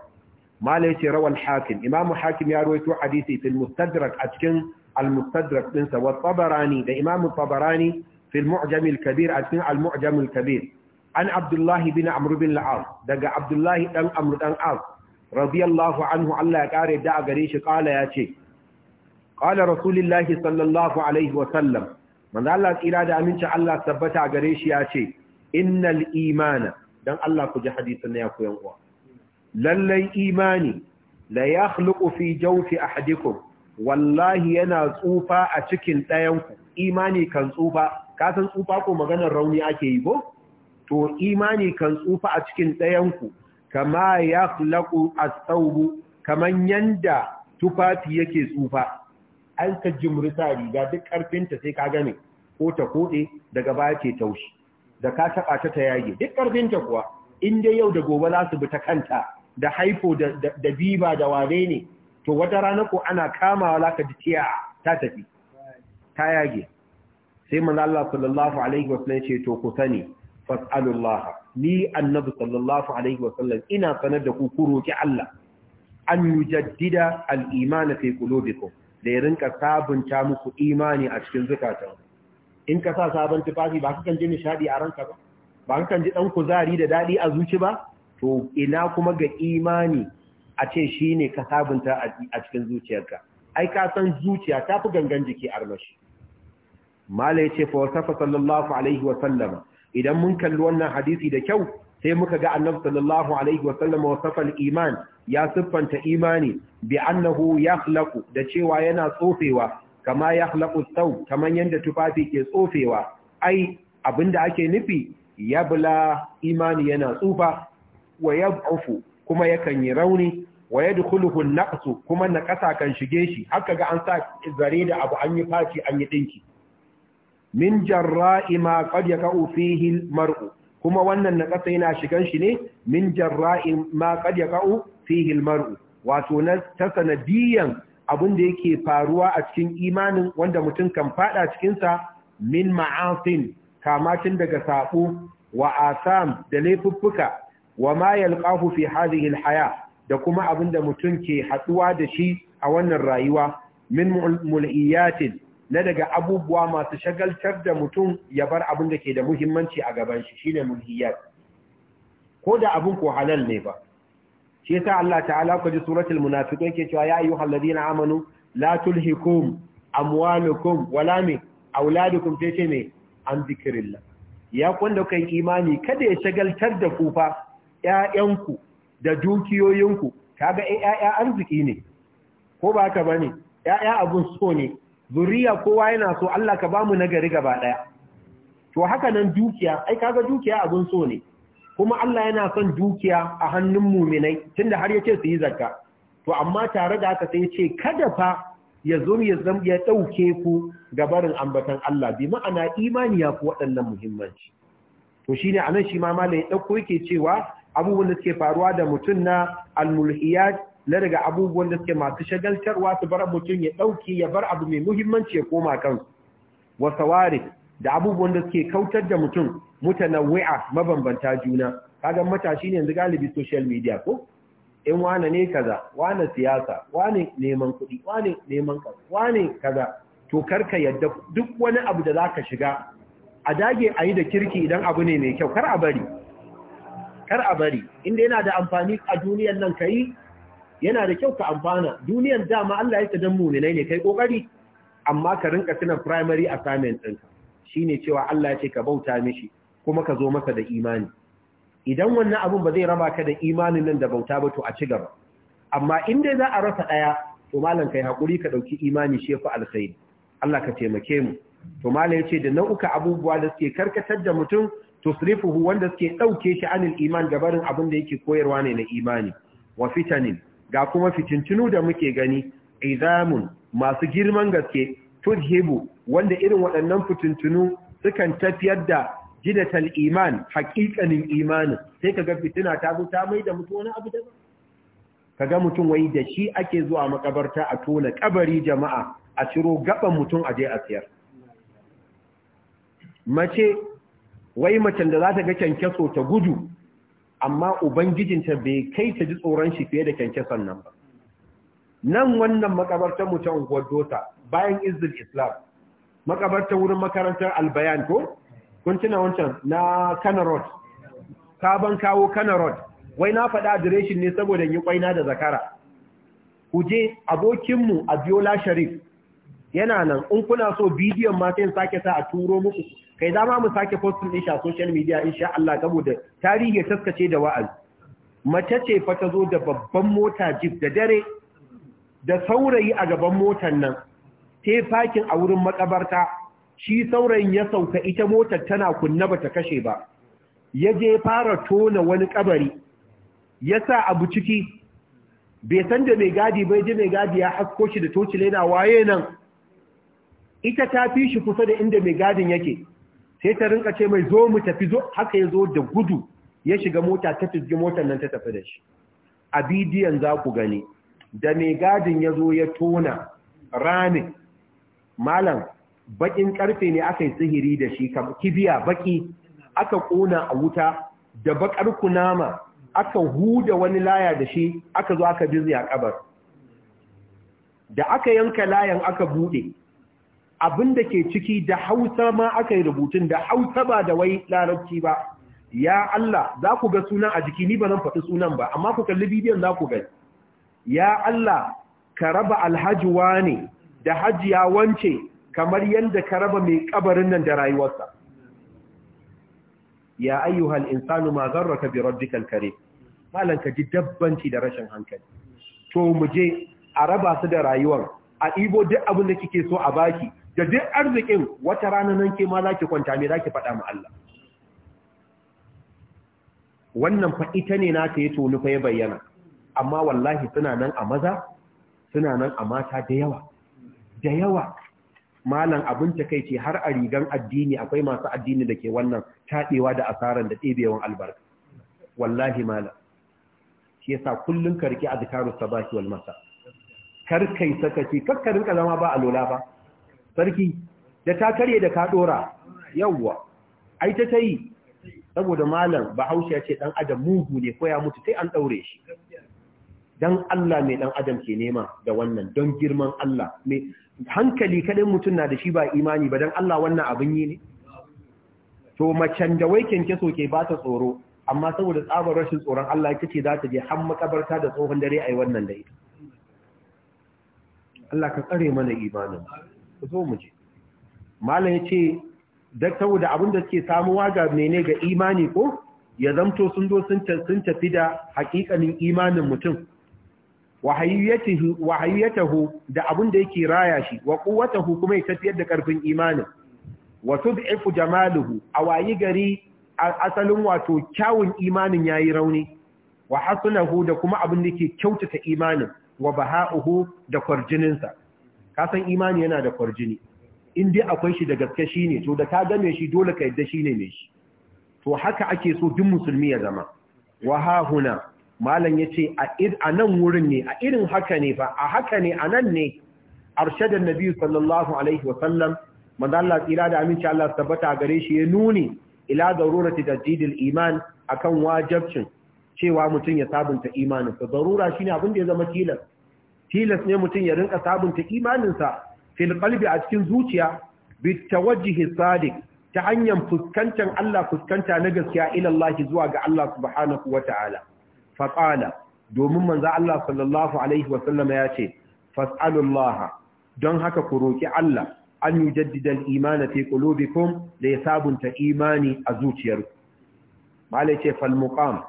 mala yace rawal hakim imamu hakim ya rawaito hadisi fil mustadrak a cikin al mustadrak din sa wa tabarani da imamu tabarani fil mu'jam al kabir a cikin al mu'jam al kabir an abdullah bin amr bin al daga abdullah dan amr dan al radiyallahu anhu Allah ya kare da gare shi kala ce. qala rasulullahi sallallahu alaihi wa sallam manzo Allah tsira da aminci Allah tabbata gare shi ya yace innal imana dan Allah ku ji hadisin na ya ku yan uwa lallai imani la yakhluqu fi jawfi ahadikum wallahi yana tsufa a cikin ɗayanku. imani kan tsufa ka san tsufa ko maganar rauni ake yi ko to imani kan tsufa a cikin ɗayan ku kama yakhlaqu as-sawbu kaman yanda tufafi yake tsufa an ka jimrita riga duk karfinta sai ka game ko ta kode daga baya ke taushi da ka taɓa ta ta yage duk ƙarfinta kuwa in dai yau da gobe za su bi ta kanta da haifo da biba da ware ne to wata rana ko ana kamawa laka da ta tafi ta yage sai manzo Allah sallallahu alaihi wasallam ce to ku sani fas'alullah ni annabi sallallahu alaihi sallam, ina sanar da ku ku roki Allah an yujaddida al-iman fi qulubikum da ya rinka sabunta muku imani a cikin zukatanku in ka sa sabon tufafi ba kan ji nishadi a ranka ba ba kan ji dan kuzari da dadi a zuci ba to ina kuma ga imani a ce shine ka sabunta a cikin zuciyarka ai ka san zuciya ta fi gangan jiki armashi mala yace fa wasafa sallallahu alaihi wa sallam idan mun kalli wannan hadisi da kyau sai muka ga annabi sallallahu alaihi wa sallam wasafa al-iman ya siffanta imani bi annahu yakhlaqu da cewa yana tsofewa kama ya halaku sau kamar yadda tufafi ke tsofewa ai abinda ake nufi ya imani yana tsufa wa ya kuma yakan yi rauni wa ya dukuluhun naƙasu kuma naƙasa kan shige shi haka ga an sa zare da abu an yi faci an yi ɗinki min jarra'i ma qad yaqa'u fihi mar'u kuma wannan naƙasa yana shigan shi ne min jarra'i ma qad yaqa'u fihi mar'u wato na ta sanadiyan abin da yake faruwa a cikin imanin wanda mutum kan fada cikinsa min ma'asin kamatin daga sabo wa asam da laifuffuka wa ma yalqahu fi hadhihi alhaya da kuma abin da mutum ke haduwa da shi a wannan rayuwa min mul'iyatin na daga abubuwa masu shagaltar da mutum ya bar abin da ke da muhimmanci a gaban shi shine mul'iyat ko da abin ko halal ne ba shi yasa Allah ta'ala ku ji suratul munafiqun ke cewa ya ayyuhal ladina amanu la tulhikum amwalukum wala mi auladukum sai ce me an zikrillah ya kwanda kai imani kada ya shagaltar da ku fa ƴaƴanku da dukiyoyinku kaga ƴaƴa arziki ne ko ba ka bane ƴaƴa abun so ne zuriya kowa yana so Allah ka bamu nagari gaba daya to haka nan dukiya ai kaga dukiya abun so ne kuma Allah yana son dukiya a hannun muminai tunda har yace su yi zakka to amma tare da haka sai ya ce kada fa ya zo ya ya dauke ku ga barin ambatan Allah bi ma'ana imani ya ku waɗannan muhimmanci to shine anan shi ma ya dauko yake cewa abubuwan da suke faruwa da mutum na almulhiyat na daga abubuwan da suke masu shagaltarwa su bar mutum ya dauke ya bar abu mai muhimmanci ya koma kansu wa da abubuwan da suke kautar da mutum mutanawwi'a mabambanta juna kaga matashi ne yanzu galibi social media ko in wane ne kaza wane siyasa wane neman kuɗi wane neman kaza wane kaza to karka yadda duk wani abu da zaka shiga a dage a yi da kirki idan abu ne mai kyau kar a bari kar a bari inda yana da amfani a duniyar nan kai yana da kyau ka amfana duniyar dama Allah ya ta dan mu'minai ne kai kokari amma ka rinka tuna primary assignment ɗinka shine cewa Allah ya ce ka bauta mishi kuma ka zo masa da imani idan wannan abun ba zai raba ka da imanin nan da bauta ba to a ci gaba amma in dai za a rasa ɗaya, to malam kai hakuri ka ɗauki imani shi fi alkhairi Allah ka taimake mu to malam yace da nau'uka abubuwa da suke karkatar da mutum tusrifuhu wanda suke ɗauke shi anil iman barin abin da yake koyarwa ne na imani wa fitanin ga kuma fitintunu da muke gani izamun masu girman gaske tudhibu wanda irin waɗannan fitintunu sukan tafiyar da jidatal iman haƙiƙanin imanin sai kaga fitina ta zo ta mai da mutu wani abu kaga mutum wai da shi ake zuwa makabarta a tona kabari jama'a a ciro gaban mutum a je a siyar mace wai macen da za ta ga kyankyaso ta gudu amma ubangijinta bai kai ta ji tsoron shi fiye da kyankyason nan ba nan wannan makabartar mu ta unguwar bayan izil islam makabarta wurin makarantar albayan ko kun wancan na Kana Ka sabon kawo Kana Road. wai na faɗa adireshin ne saboda yi kwaina da zakara ku je abokinmu abiola sharif yana nan in kuna so bidiyon ma sai sake sa a turo muku kai dama mu sake postin din shi a social media insha Allah saboda tarihi ya taskace da wa'azi mace ce fa ta zo da babban mota jeep da dare da saurayi a gaban motan nan sai fakin a wurin makabarta shi saurayin ya sauka ita motar tana kunna bata kashe ba ya je fara tona wani kabari ya sa abu ciki bai san da mai gadi bai je mai gadi ya hasko shi da toci lena waye nan ita ta fi shi kusa da inda mai gadin yake sai ta rinka ce mai zo mu tafi zo haka ya zo da gudu ya shiga mota ta fizgi motar nan ta tafi da shi a bidiyon za ku gani da mai gadin ya zo ya tona ramin malam bakin karfe ne aka yi sihiri da shi kibiya baki aka kona a wuta da bakar kunama aka huda wani laya da shi aka zo aka dizi a kabar da aka yanka layan aka bude abin da ke ciki da hausa ma aka yi rubutun da hausa ba da wai larabci ba ya Allah za ku ga sunan a jiki ni ba zan faɗi sunan ba amma ku kalli bidiyon za ku gani ya Allah ka raba alhaji ne da hajiya wance kamar yadda ka raba mai kabarin nan da rayuwarsa ya ayyuhal insanu ma zarraka bi rabbikal karim malan ka ji dabbanci da rashin hankali to mu je a raba su da rayuwar a ibo duk abin da kike so a baki da duk arzikin wata rana nan ke ma za ki kwanta me ki faɗa ma Allah wannan fa ita ne nata ya tonu fa ya bayyana amma wallahi suna nan a maza suna nan a mata da yawa da yawa malam abin takaici har a rigan addini akwai masu addini da ke wannan taɗewa da asaran da ɗebewan albarka wallahi malam shi yasa kullun ka rike azkaru sabahi wal masa kar kai sakaci kar ka rinka zama ba alola ba sarki da ta karye da ka dora yawwa ai ta tayi saboda malam bahaushe ya ce dan adam mugu ne ko ya mutu sai an daure shi dan Allah mai dan adam ke nema da wannan don girman Allah mai hankali kadai mutum na da shi ba imani ba don Allah wannan abin yi ne to macen da wai so ke ba ta tsoro amma saboda tsabar rashin tsoron Allah ita ce za ta je har makabarta da tsohon dare a yi wannan da Allah ka tsare mana imanin ku zo mu je malam ya ce da saboda abin da suke samuwa ga mene ga imani ko ya zamto sun zo sun tafi da hakikanin imanin mutum wa hayyatahu da abin da yake raya shi wa quwwatahu kuma ya tafiyar da karfin imanin wa tud'ifu jamaluhu awayi gari asalin wato kyawun imanin yayi rauni wa hasunahu da kuma abin da yake kyautata imanin wa baha'uhu da kwarjininsa ka san imani yana da kwarjini in dai akwai shi da gaske shine to da ka game shi dole ka yadda shine mai shi to haka ake so duk musulmi ya zama wa hahuna malam ya ce a nan wurin ne a irin haka ne fa a haka ne a nan ne arshadar nabi sallallahu alaihi wasallam manzo tsira da aminci Allah tabbata gare shi ya nuni ila darurati tajdidil iman akan wajabcin cewa mutum ya sabunta imaninsa shi shine abin da ya zama tilas tilas ne mutum ya rinka sabunta imaninsa fil kalbi a cikin zuciya bit tawajjuhi sadiq ta hanyar fuskantar Allah fuskanta na gaskiya ila Allah zuwa ga Allah subhanahu wataala faƙala domin manza Allah sallallahu Alaihi wasallama ya ce, Fas'alullaha, don haka ku roƙi Allah an yi jaddidan imana fi da ya sabunta imani a zuciyarku. Mala ce falmuƙam,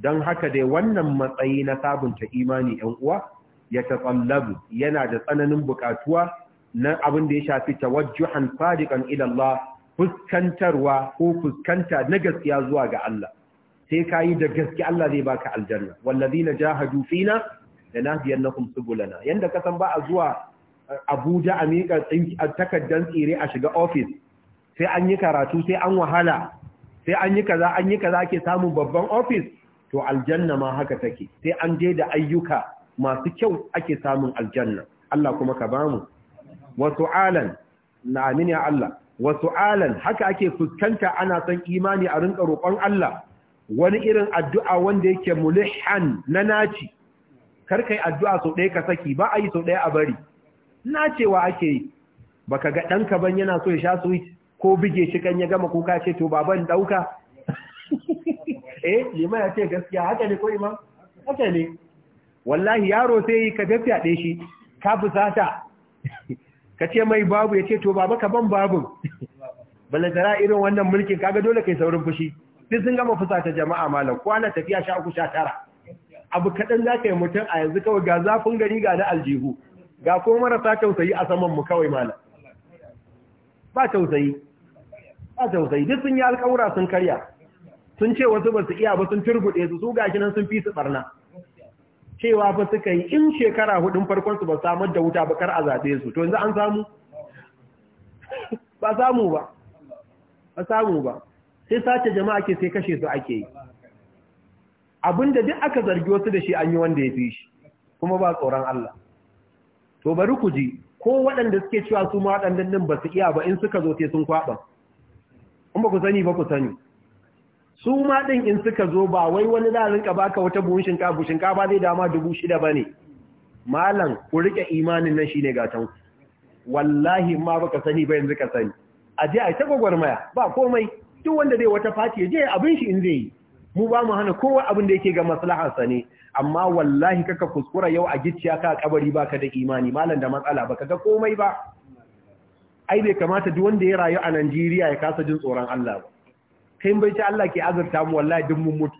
don haka dai wannan matsayi na sabunta imani ‘yan uwa, ya tsallabu yana da tsananin buƙatuwa na abin da ya shafi tawajjuhan sadiqan Ilallah, Allah fuskantarwa ko fuskanta na gaskiya zuwa ga Allah sai ka yi da gaske Allah zai baka aljanna wallazina jahadu na lanahdiyannakum subulana yanda ka san ba a zuwa Abuja a mika takardar tsire a shiga ofis, sai an yi karatu sai an wahala sai an yi kaza an yi kaza ake samun babban ofis, to aljanna ma haka take sai an je da ayyuka masu kyau ake samun aljanna Allah kuma ka bamu Wasu su'alan na amin ya Allah wasu su'alan haka ake fuskanta ana son imani a rinka roƙon Allah wani irin addu'a wanda yake mulihan na naci karkai yi addu'a sau ɗaya ka saki ba a yi sau ɗaya a bari Na cewa ake yi Ba ka ga ɗanka ban yana so ya sha suwit. ko bige shi kan ya gama kuka ce to baban ɗauka eh lima ya ce gaskiya haka ne ko imam haka ne wallahi yaro sai yi ka gafiya ɗe shi ka fusata ka ce mai babu ya ce to baba ka ban babun balantara irin wannan mulkin kaga dole kai saurin fushi sai sun gama fusata jama'a malam kwana tafiya sha uku sha tara abu kaɗan za ka yi mutum a yanzu kawai ga zafin gari ga na aljihu ga ko marasa tausayi a saman mu kawai malam ba tausayi ba tausayi duk sun yi alƙawura sun karya sun ce wasu ba su iya ba sun turbuɗe su su gashi nan sun fi su barna cewa fa suka yi in shekara hudun farkon su ba samar da wuta bakar a zaɓe su to yanzu an samu ba samu ba ba samu ba sai sace jama'a ke sai kashe su ake yi abinda duk aka zargi wasu da shi an yi wanda ya fi shi kuma ba tsoron Allah to bari ku ji ko waɗanda suke cewa su ma waɗannan nan ba su iya ba in suka zo sai sun kwaɓa in ba ku sani ba ku sani su ma ɗin in suka zo ba wai wani za rinka baka wata buhun shinkafa shinkafa zai dama dubu shida ba ne malam ku riƙe imanin nan shine gatan wallahi ma baka sani ba yanzu ka sani a je a ta gwagwarmaya ba komai duk wanda zai wata fati ya je abin shi in zai yi mu ba mu hana kowa abin da yake ga maslaharsane. ne amma wallahi kaka kuskura yau a gicciya ka kabari baka da imani malam da matsala baka ga komai ba ai bai kamata duk wanda ya rayu a Najeriya ya kasa jin tsoron Allah ba kai bai ce Allah ke azurta mu wallahi duk mun mutu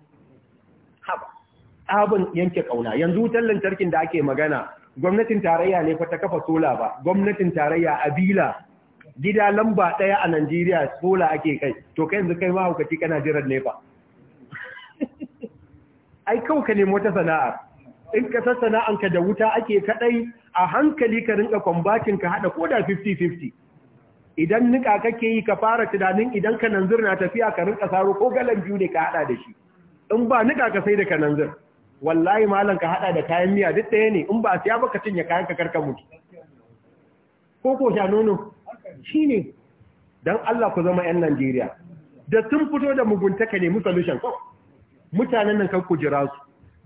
haba abin yanke kauna yanzu wutar lantarkin da ake magana gwamnatin tarayya ne fa ta kafa sola ba gwamnatin tarayya abila gida lamba ɗaya a Najeriya sola ake kai to kai yanzu kai mahaukaci kana jiran nefa ai kawai ka nemo ta sana'ar in ka san sana'anka da wuta ake kaɗai a hankali ka rinka kwambatin ka haɗa ko da 50-50 idan nika kake yi ka fara tunanin idan ka nanzir na tafiya ka rinka saro ko galan biyu ne ka haɗa da shi in ba nika ka sai da ka nanzir wallahi malam ka haɗa da kayan miya duk ɗaya ne in ba siya ba ka cinye kayan ka karka mutu ko ko sha nono shi ne don Allah ku zama 'yan Najeriya da sun fito da muguntaka ne solution ko, mutanen nan kan jira su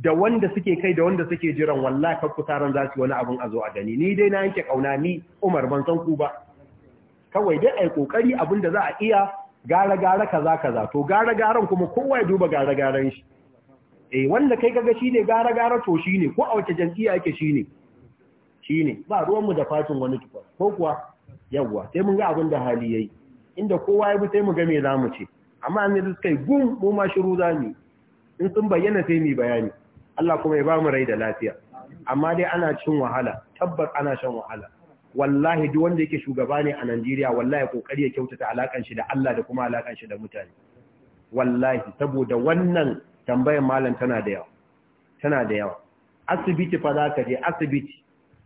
da wanda suke kai da wanda suke jiran walla kan taron za su wani abun a zo a gani ni dai na yanke kauna ni Umar ban san ku ba kawai dai ai kokari abin da za a iya gara gara kaza kaza to gara garan kuma kowa ya duba gara garan shi eh wanda kai kaga shine gara gara to shine ko a wace jam'iyya yake shine shine ba ruwan mu da fatin wani tukwa ko kuwa yawwa sai mun ga abin da hali yayi inda kowa ya bi sai mu ga me zamu ce amma an yi suka gum mu ma shiru zamu in sun bayyana sai mu bayani Allah kuma ya ba mu rai da lafiya amma dai ana cin wahala tabbar ana shan wahala wallahi duk wanda yake shugaba ne a Najeriya wallahi kokari ya kyautata alakan shi da Allah da kuma alakan shi da mutane wallahi saboda wannan tambayar malam tana da yawa tana da yawa asibiti fa za je asibiti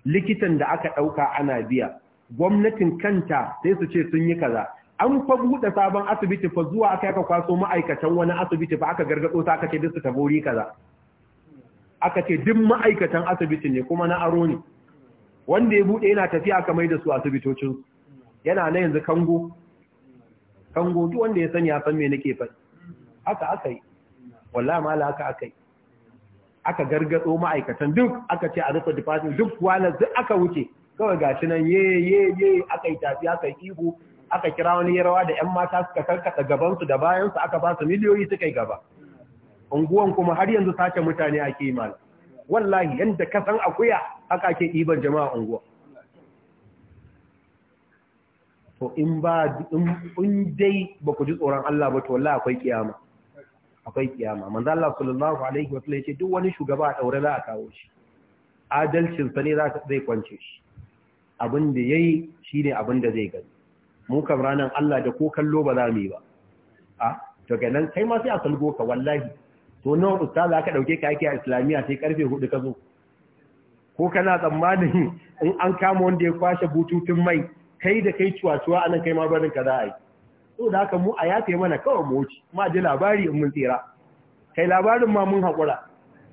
likitan da aka dauka ana biya gwamnatin kanta sai su ce sun yi kaza an fa buɗe sabon asibiti fa zuwa aka aka kwaso ma'aikatan wani asibiti fa aka gargaɗo ta aka ce duk su tabori kaza aka ce duk ma'aikatan asibiti ne kuma na aro ne wanda ya buɗe yana tafiya aka mai da su asibitocin yana na yanzu kango kango duk wanda ya sani ya san me nake faɗi haka aka yi wallahi mala haka aka yi aka gargaɗo ma'aikatan duk aka ce a rufe department duk wala duk aka wuce kawai ga shi nan ye ye ye aka yi tafi aka yi ihu aka kira wani yarawa da yan mata suka karkata su, da bayan su aka ba su miliyoyi suka yi gaba unguwan kuma har yanzu sace mutane ake yi mal wallahi yanda ka san akuya haka ake ɗiban jama'a unguwa to in ba in dai ba ku ji tsoron Allah ba to wallahi akwai kiyama akwai kiyama manzo Allah sallallahu alaihi wa sallam ce? duk wani shugaba a daure za a kawo shi adalcin sa ne za zai kwance shi abin da ya yi shi ne abin da zai gani mu ranar Allah da ko kallo ba za mu yi ba a to nan kai ma sai a salgo ka wallahi to nawa za ka dauke ka yake a islamiyya sai karfe hudu ka zo ko kana tsammanin in an kama wanda ya kwashe bututun mai kai da kai cuwa-cuwa anan kai ma barin ka za a yi to da haka mu a ya yafe mana kawai mu wuce ma ji labari in mun tsira kai labarin ma mun haƙura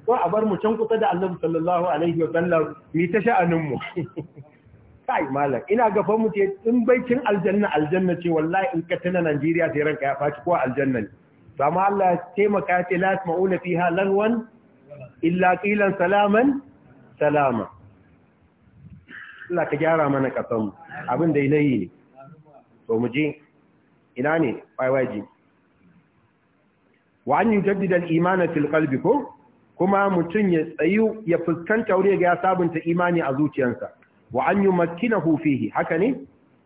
ko a bar mu can kusa da annabi sallallahu alaihi wa sallam mi ta sha'anin mu kai malam ina gaban mu ce in baikin aljanna aljanna ce wallahi in ka tana Najeriya sai ranka ya faci ko aljanna ne to amma Allah ya taimaka ta la tasma'una fiha lanwan illa qilan salaman salama Allah ka gyara mana kafan mu abin da yi ne to mu ji, ina ne YYG wa an yujaddida al-iman fil qalbi ko kuma mutun ya tsayu ya fuskanta wuri ga ya sabunta imani a zuciyarsa wa an makina fihi haka ne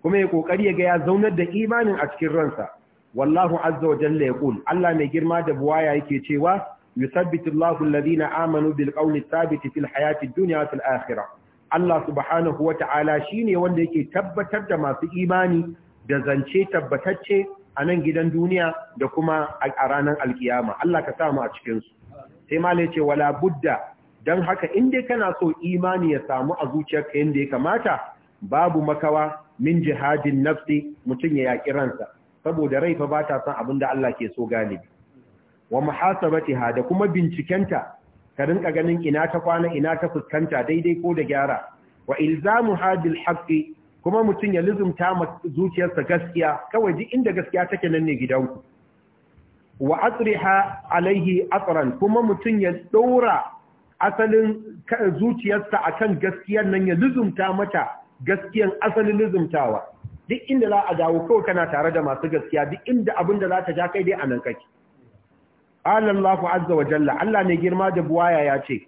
kuma ya kokari ya ga ya zaunar da imanin a cikin ransa wallahu azza wa jalla yaqul Allah mai girma da buwaya yake cewa yusabbitu Allahu alladhina amanu bil qawli thabit fil hayati dunya fil akhirah Allah subhanahu wa ta'ala shine wanda yake tabbatar da masu imani da zance tabbatacce a nan gidan duniya da kuma a ranar alkiyama Allah ka samu a cikinsu sai ma ce wala budda don haka in dai kana so imani ya samu a zuciyarka yadda ya kamata babu makawa min jihadin nafsi mutum ya yaƙi ransa saboda rai fa ba ta san abin da Allah ke so galibi wa ha da kuma bincikenta ka rinka ganin ina ta kwana ina ta fuskanta daidai ko da gyara wa ilzamu hadil haqqi kuma mutum ya lizumta ma zuciyarsa gaskiya kawai ji inda gaskiya take nan ne gidanku wa asriha alaihi asran kuma mutum ya daura asalin zuciyarsa a kan gaskiyar nan ya luzumta mata gaskiyar asalin luzumtawa duk inda za a dawo kawai kana tare da masu gaskiya duk inda abin da za ta ja kai dai a nan kake alallahu azza wa jalla Allah ne girma da buwaya ya ce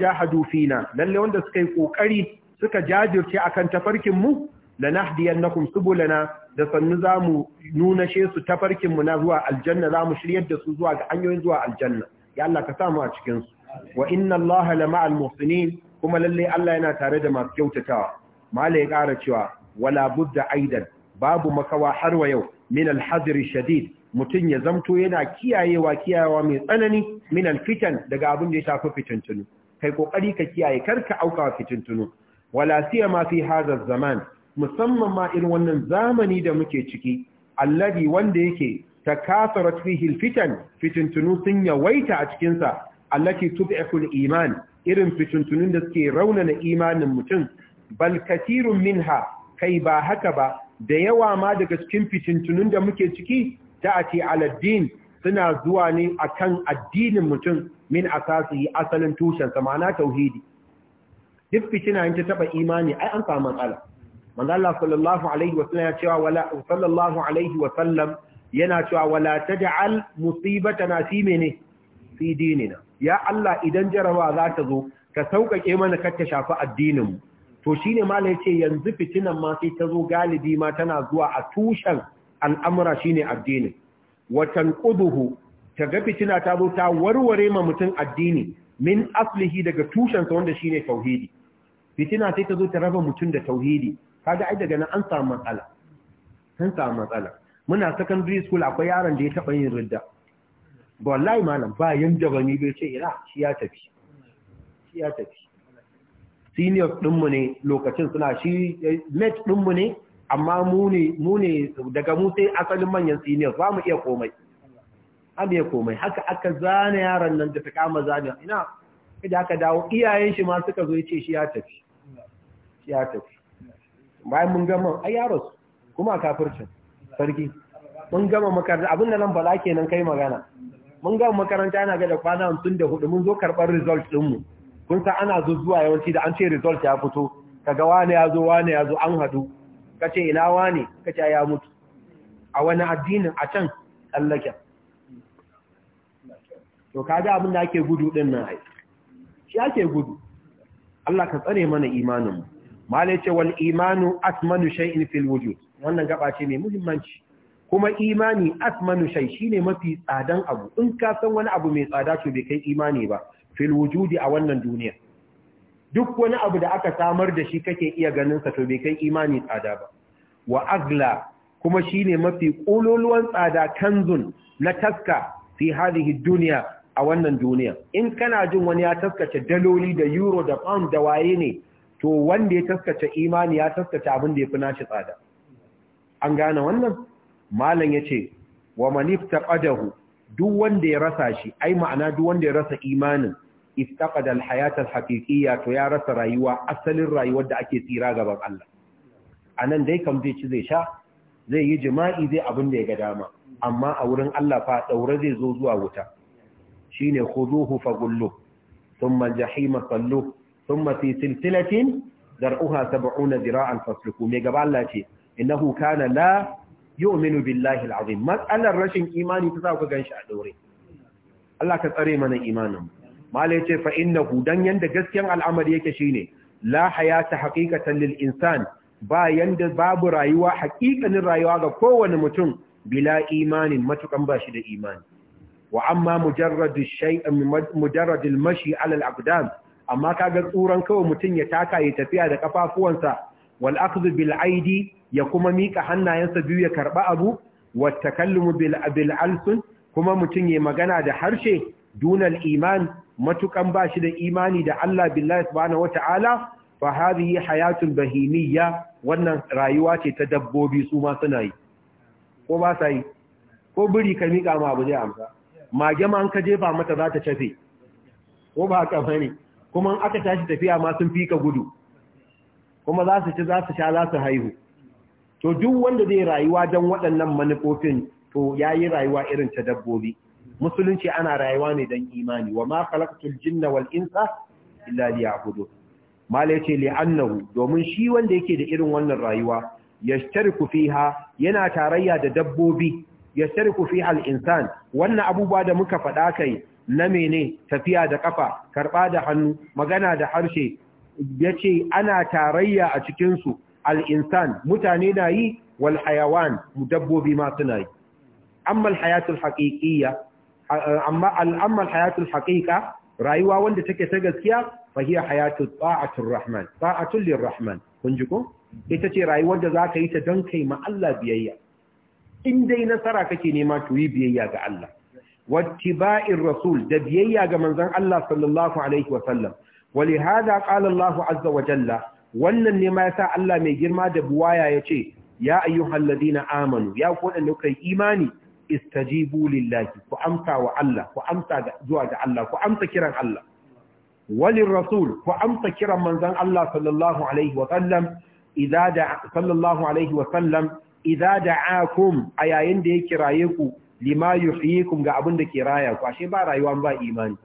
ja hadu fina lalle wanda suka yi kokari suka jajirce a akan tafarkin mu lanahdiyannakum na, da sannu za mu nuna she su tafarkin na zuwa aljanna Za mu shiryar da su zuwa ga hanyoyin zuwa aljanna ya Allah ka samu a cikinsu. wa inna allaha la ma'al muhsinin kuma lalle Allah yana tare da masu kyautatawa mala ya ƙara cewa wala budda aidan babu makawa har wa yau min alhadri shadid mutum ya zamto yana kiyayewa kiyayewa mai tsanani min fitan daga abin da ya shafi fitintunu kai kokari ka kiyaye karka auka fitintunu wala siyama fi hadha zaman musamman ma irin wannan zamani da muke ciki alladhi wanda yake takasarat fihi fitan fitintunu sun yawaita a cikin sa allati al iman irin fituntunun da suke raunana imanin mutum bal katirun minha kai ba haka ba da yawa ma daga cikin fituntunun da muke ciki ta ala suna zuwa ne akan addinin mutum min asasi asalin tushen sa ma'ana tauhidi duk fitina in ta taba imani ai an samu matsala manzo Allah sallallahu alaihi wa sallam ya cewa wala sallallahu alaihi wa sallam yana cewa wala taj'al musibatana fi menene fi dinina ya Allah idan jarawa za ta zo ka sauƙaƙe mana kar ta shafi addininmu to shine ya ce yanzu fitinan ma sai ta zo galibi ma tana zuwa a tushen al'amura ne addinin watan quduhu ta ga fitina ta zo ta warware ma mutum addini min aslihi daga tushensa wanda shine tauhidi fitina sai ta zo ta raba mutum da tauhidi kaga ai daga nan an samu matsala an samu matsala muna secondary school akwai yaron da ya taɓa yin ridda wallahi malam ba yanda bani bai ce ina shi ya tafi shi ya tafi din mu ne lokacin suna shi din eh, mu ne amma mu ne daga mu sai asalin manyan senior ba mu iya komai an iya komai haka aka zane yaran nan da ta kama zane ina kada aka dawo iyayen shi ma suka zo yace shi ya tafi shi ya tafi bayan mun gama ai yaro kuma kafircin sarki mun gama makaranta abin da nan bala kenan kai magana mun ga makaranta ana gada kwana hamsin da hudu mun zo karɓar result ɗinmu kun san ana zo zuwa yawanci da an ce result ya fito kaga wane ya zo wane ya zo an haɗu ka ce ina wane ka ce ya mutu a wani addinin a can tsallaken to kaga abin da ake gudu ɗin nan ai shi ake gudu Allah ka tsare mana imaninmu mala ce wal imanu asmanu shay'in fil wujud wannan gaba ce mai muhimmanci kuma imani asmanu shay shine mafi tsadan abu in ka san wani abu mai tsada to bai kai imani ba fil wujudi a wannan duniya duk wani abu da aka samar da shi kake iya ganin sa to bai kai imani tsada ba wa agla kuma shine mafi kololuwan tsada kanzun na taska fi hadhihi dunya a wannan duniya in kana jin wani ya taskace daloli da euro da pound da waye ne to wanda ya taskace imani ya taskace abin da yafi nashi tsada an gane wannan malam ce, wa man iftaqadahu duk wanda ya rasa shi ai ma'ana duk wanda ya rasa imanin iftaqada hayatal alhaqiqiyya to ya rasa rayuwa asalin rayuwar da ake tsira gaban Allah anan dai kam zai ci zai sha zai yi jima'i zai abin da ya ga dama amma a wurin Allah fa daure zai zo zuwa wuta shine khuduhu fagullu thumma aljahima sallu thumma fi silsilatin dar'uha 70 dira'an fasluku me gaba Allah ce innahu kana la yu'minu billahi al'azim matsalar rashin imani ta sa ku ganshi a daure Allah ka tsare mana imanin mala yace fa innahu dan yanda gaskiyan al'amari yake shine la hayata haqiqatan lil insan ba yanda babu rayuwa haƙiƙanin rayuwa ga kowane mutum bila imanin matukan ba shi da imani wa amma mujarradu shay'in mujarradul mashi ala amma kaga tsuran kawai mutum ya taka ya tafiya da ƙafafuwansa. wal bil'aidi ya kuma miƙa hannayensa biyu ya karba abu wa takallumu bil kuma mutun ya magana da harshe dunal iman matuƙan ba shi da imani da Allah billahi subhanahu wata'ala fa hadhihi hayatun bahimiyya wannan rayuwa ce ta dabbobi su ma suna yi ko ba sa yi ko biri ka miƙa ma abu zai amsa mage ma an ka jefa mata za ta cafe ko ba haka bane kuma aka tashi tafiya ma sun fi ka gudu kuma za su ci za su sha za su haihu to duk wanda zai rayuwa don waɗannan manufofin to ya yi rayuwa irin ta dabbobi musulunci ana rayuwa ne don imani wa ma khalaqtul jinna wal insa illa liya'budun mala yace annahu, domin shi wanda yake da irin wannan rayuwa yashtariku fiha yana tarayya da dabbobi yashtariku fiha al-insan wannan abubuwa da muka faɗa kai na mene tafiya da kafa karba da hannu magana da harshe ya ce ana tarayya a cikinsu al'insan mutane na yi wal hayawan dabbobi ma suna yi amma alhayatul amma haƙiƙa rayuwa wanda take ta gaskiya fahiyar hayatul ta'atul rahman ta'atul kun ji ita ce rayuwar da za ka yi ta don kai ma Allah biyayya in dai nasara kake nema to yi biyayya ga Allah ba'in rasul da biyayya ga manzon Allah sallallahu alaihi wa sallam ولهذا قال الله عز وجل wannan ne ma yasa Allah mai girma da buwaya yace ya ayyuhal ladina amanu ya ku wadanda kuka imani istajibu lillahi ku amsa wa Allah ku amsa zuwa ga Allah ku amsa kiran Allah walir rasul ku amsa kiran manzon Allah sallallahu alaihi wa sallam idza da sallallahu alaihi wa sallam idza da'akum ayayin da ya kiraye ku lima yuhyikum ga abin da ke raya ku ashe ba rayuwa ba imani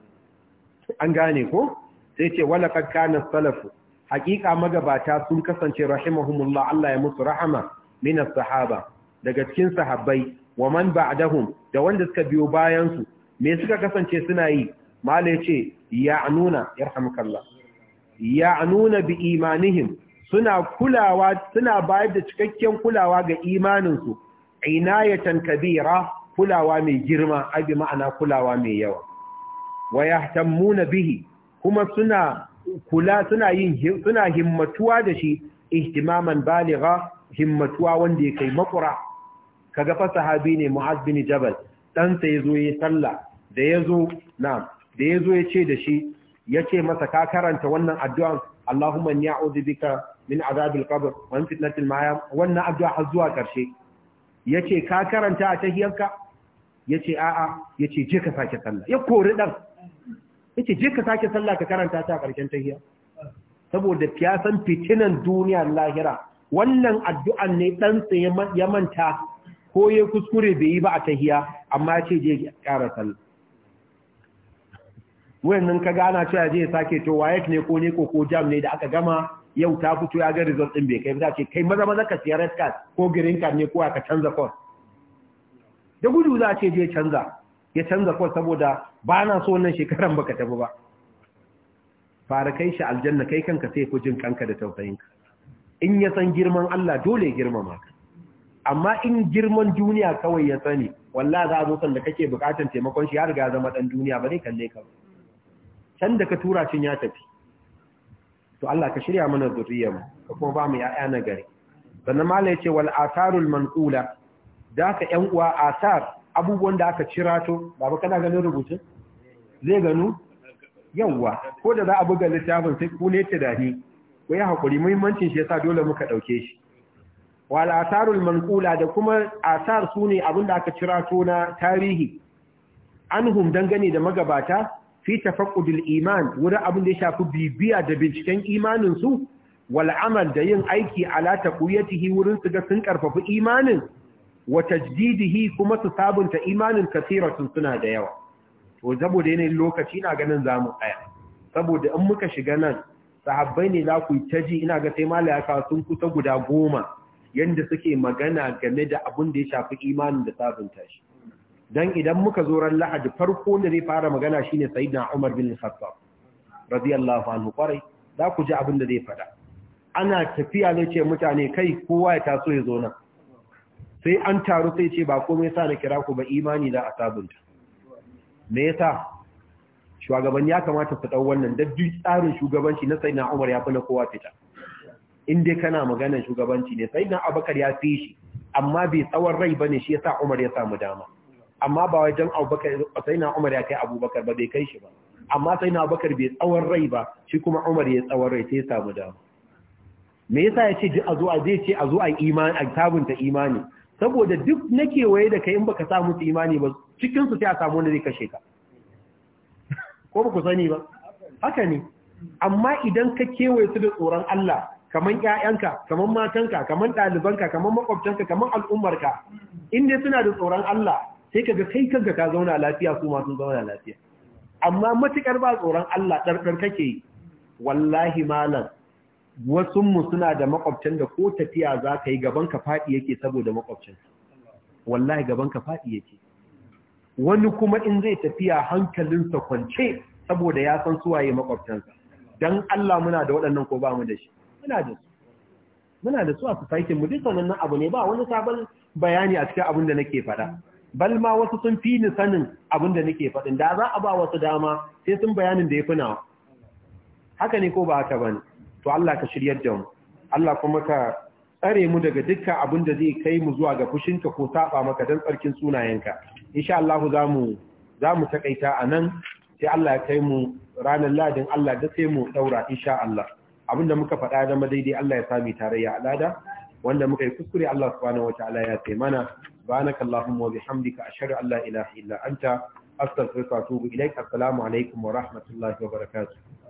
an gane ko sai ce wala kad kana salafu haƙiƙa magabata sun kasance rahimahumullah Allah ya musu rahama min sahaba daga cikin sahabbai wa man ba'dahum da wanda suka biyo bayan su me suka kasance suna yi mala yace ya'nuna yarhamukallah ya'nuna bi imanihim suna kulawa suna bayar da cikakken kulawa ga imanin su inayatan kabira kulawa mai girma abi ma'ana kulawa mai yawa wa yahtammuna bihi kuma suna kula suna yin suna himmatuwa da shi ihtimaman baligha himmatuwa wanda yake makura kaga fa sahabi ne Mu'az bin Jabal dan ya yazo yi sallah da yazo na'am da yazo yace da shi yace masa ka karanta wannan addu'an Allahumma inni a'udhu bika min azabil qabr wa min fitnatil mahya wannan addu'a har zuwa karshe yace ka karanta a tahiyarka yace a'a yace je ka sake sallah ya kori dan yace je ka sake sallah ka karanta ta karshen tahiyya saboda ya san fitinan duniya lahira wannan addu'an ne dan tsaye ya manta ko ya kuskure bai yi ba a tahiyya amma yace je ƙara sallah wayannan ka gana cewa je sake to waye ne ko ne ko ko jam ne da aka gama yau ta fito ya ga result din bai kai ba ce kai maza maza ka siya red card ko green card ne ko aka canza course da gudu za ce je canza ya canza course saboda ba na so wannan shekaran baka tafi ba fara kai shi aljanna kai kanka sai ku jin kanka da tausayinka in ya san girman Allah dole ya girmama ka amma in girman duniya kawai ya sani wallahi za a zo sanda kake bukatan taimakon shi ya riga zama dan duniya ba zai kalle ka can da ka tura cin ya tafi to Allah ka shirya mana zuriya mu ka kuma ba mu ya'ya na gari sannan mala yace wal asarul manqula da ka yan uwa asar abubuwan da aka cirato baba kana ganin rubutun zai gano yawwa ko da za a buga littafin sai kule dahi ko ya haƙuri muhimmancin shi yasa dole muka ɗauke shi wal asarul manqula da kuma asar sune abin da aka cira to na tarihi anhum dangane da magabata fi tafaqqudil iman wurin abin da ya shafi bibiya da binciken imanin su wal amal da yin aiki ala taqwiyatihi wurin su ga sun karfafi imanin wa tajdidihi kuma su sabunta imanin kasiratun suna da yawa to saboda yanayin lokaci ina ganin za mu tsaya saboda in muka shiga nan sahabbai ne za ku yi ta ji ina ga sai malaya sun kusa guda goma yadda suke magana game da abin da ya shafi imanin da sabunta tashi. dan idan muka zo ran lahadi farko da zai fara magana shine sayyidina Umar bin Khattab radiyallahu anhu kwarai za ku ji abin da zai fada ana tafiya ne ce mutane kai kowa ya taso ya zo nan sai an taru sai ce ba komai sa na kira ku ba imani da asabunta me yasa shugabanni ya kamata su dau wannan da duk tsarin shugabanci na sayyidina Umar ya fi na kowa fita in dai kana maganar shugabanci ne sayyidina Abubakar ya fi shi amma bai tsawon rai bane shi yasa Umar ya samu dama amma ba wai dan Abubakar sayyidina Umar ya kai Abubakar ba bai kai shi ba amma sayyidina Abubakar bai tsawon rai ba shi kuma Umar ya tsawon rai sai ya samu dama me yasa ya ce a zo a zai ce a zo a imani a tabunta imani saboda duk na waye da kai in baka sa musu imani ba cikin su sai a samu wanda zai kashe ka ko ba ku sani ba haka ne amma idan ka kewaye su da tsoron Allah kaman ƴaƴanka kaman matanka kaman ɗalibanka kaman ka kaman al'ummarka in dai suna da tsoron Allah sai kaga kai kanka ka zauna lafiya su ma sun zauna lafiya amma matukar ba tsoron Allah ɗarɗar kake yi wallahi malam wasunmu suna da makwabcin da ko tafiya za ka yi gaban ka faɗi yake saboda makwabcin wallahi gaban ka faɗi yake wani kuma in zai tafiya hankalinsa kwance saboda ya san suwaye makwabtansa don Allah muna da waɗannan ko ba mu da shi muna da su muna da su a society mu duk nan abu ne ba wani sabon bayani a cikin abin da nake faɗa bal ma wasu sun fi ni sanin abin da nake faɗin da za a ba wasu dama sai sun bayanin da ya fi nawa haka ne ko ba haka bane to Allah ka shiryar da mu Allah kuma ka tsare mu daga dukkan abin da zai kai mu zuwa ga fushinka ko saba maka don tsarkin sunayenka insha Allah za mu za mu takaita a nan sai Allah ya kai mu ranar ladin Allah da sai mu daura insha Allah abinda muka faɗa da madaidai Allah ya sami tarayya alada wanda muka yi kuskure Allah subhanahu wataala ya sai mana subhanakallahumma wa bihamdika ashhadu an la ilaha illa anta astaghfiruka wa atubu ilaik assalamu alaikum wa rahmatullahi wa barakatuh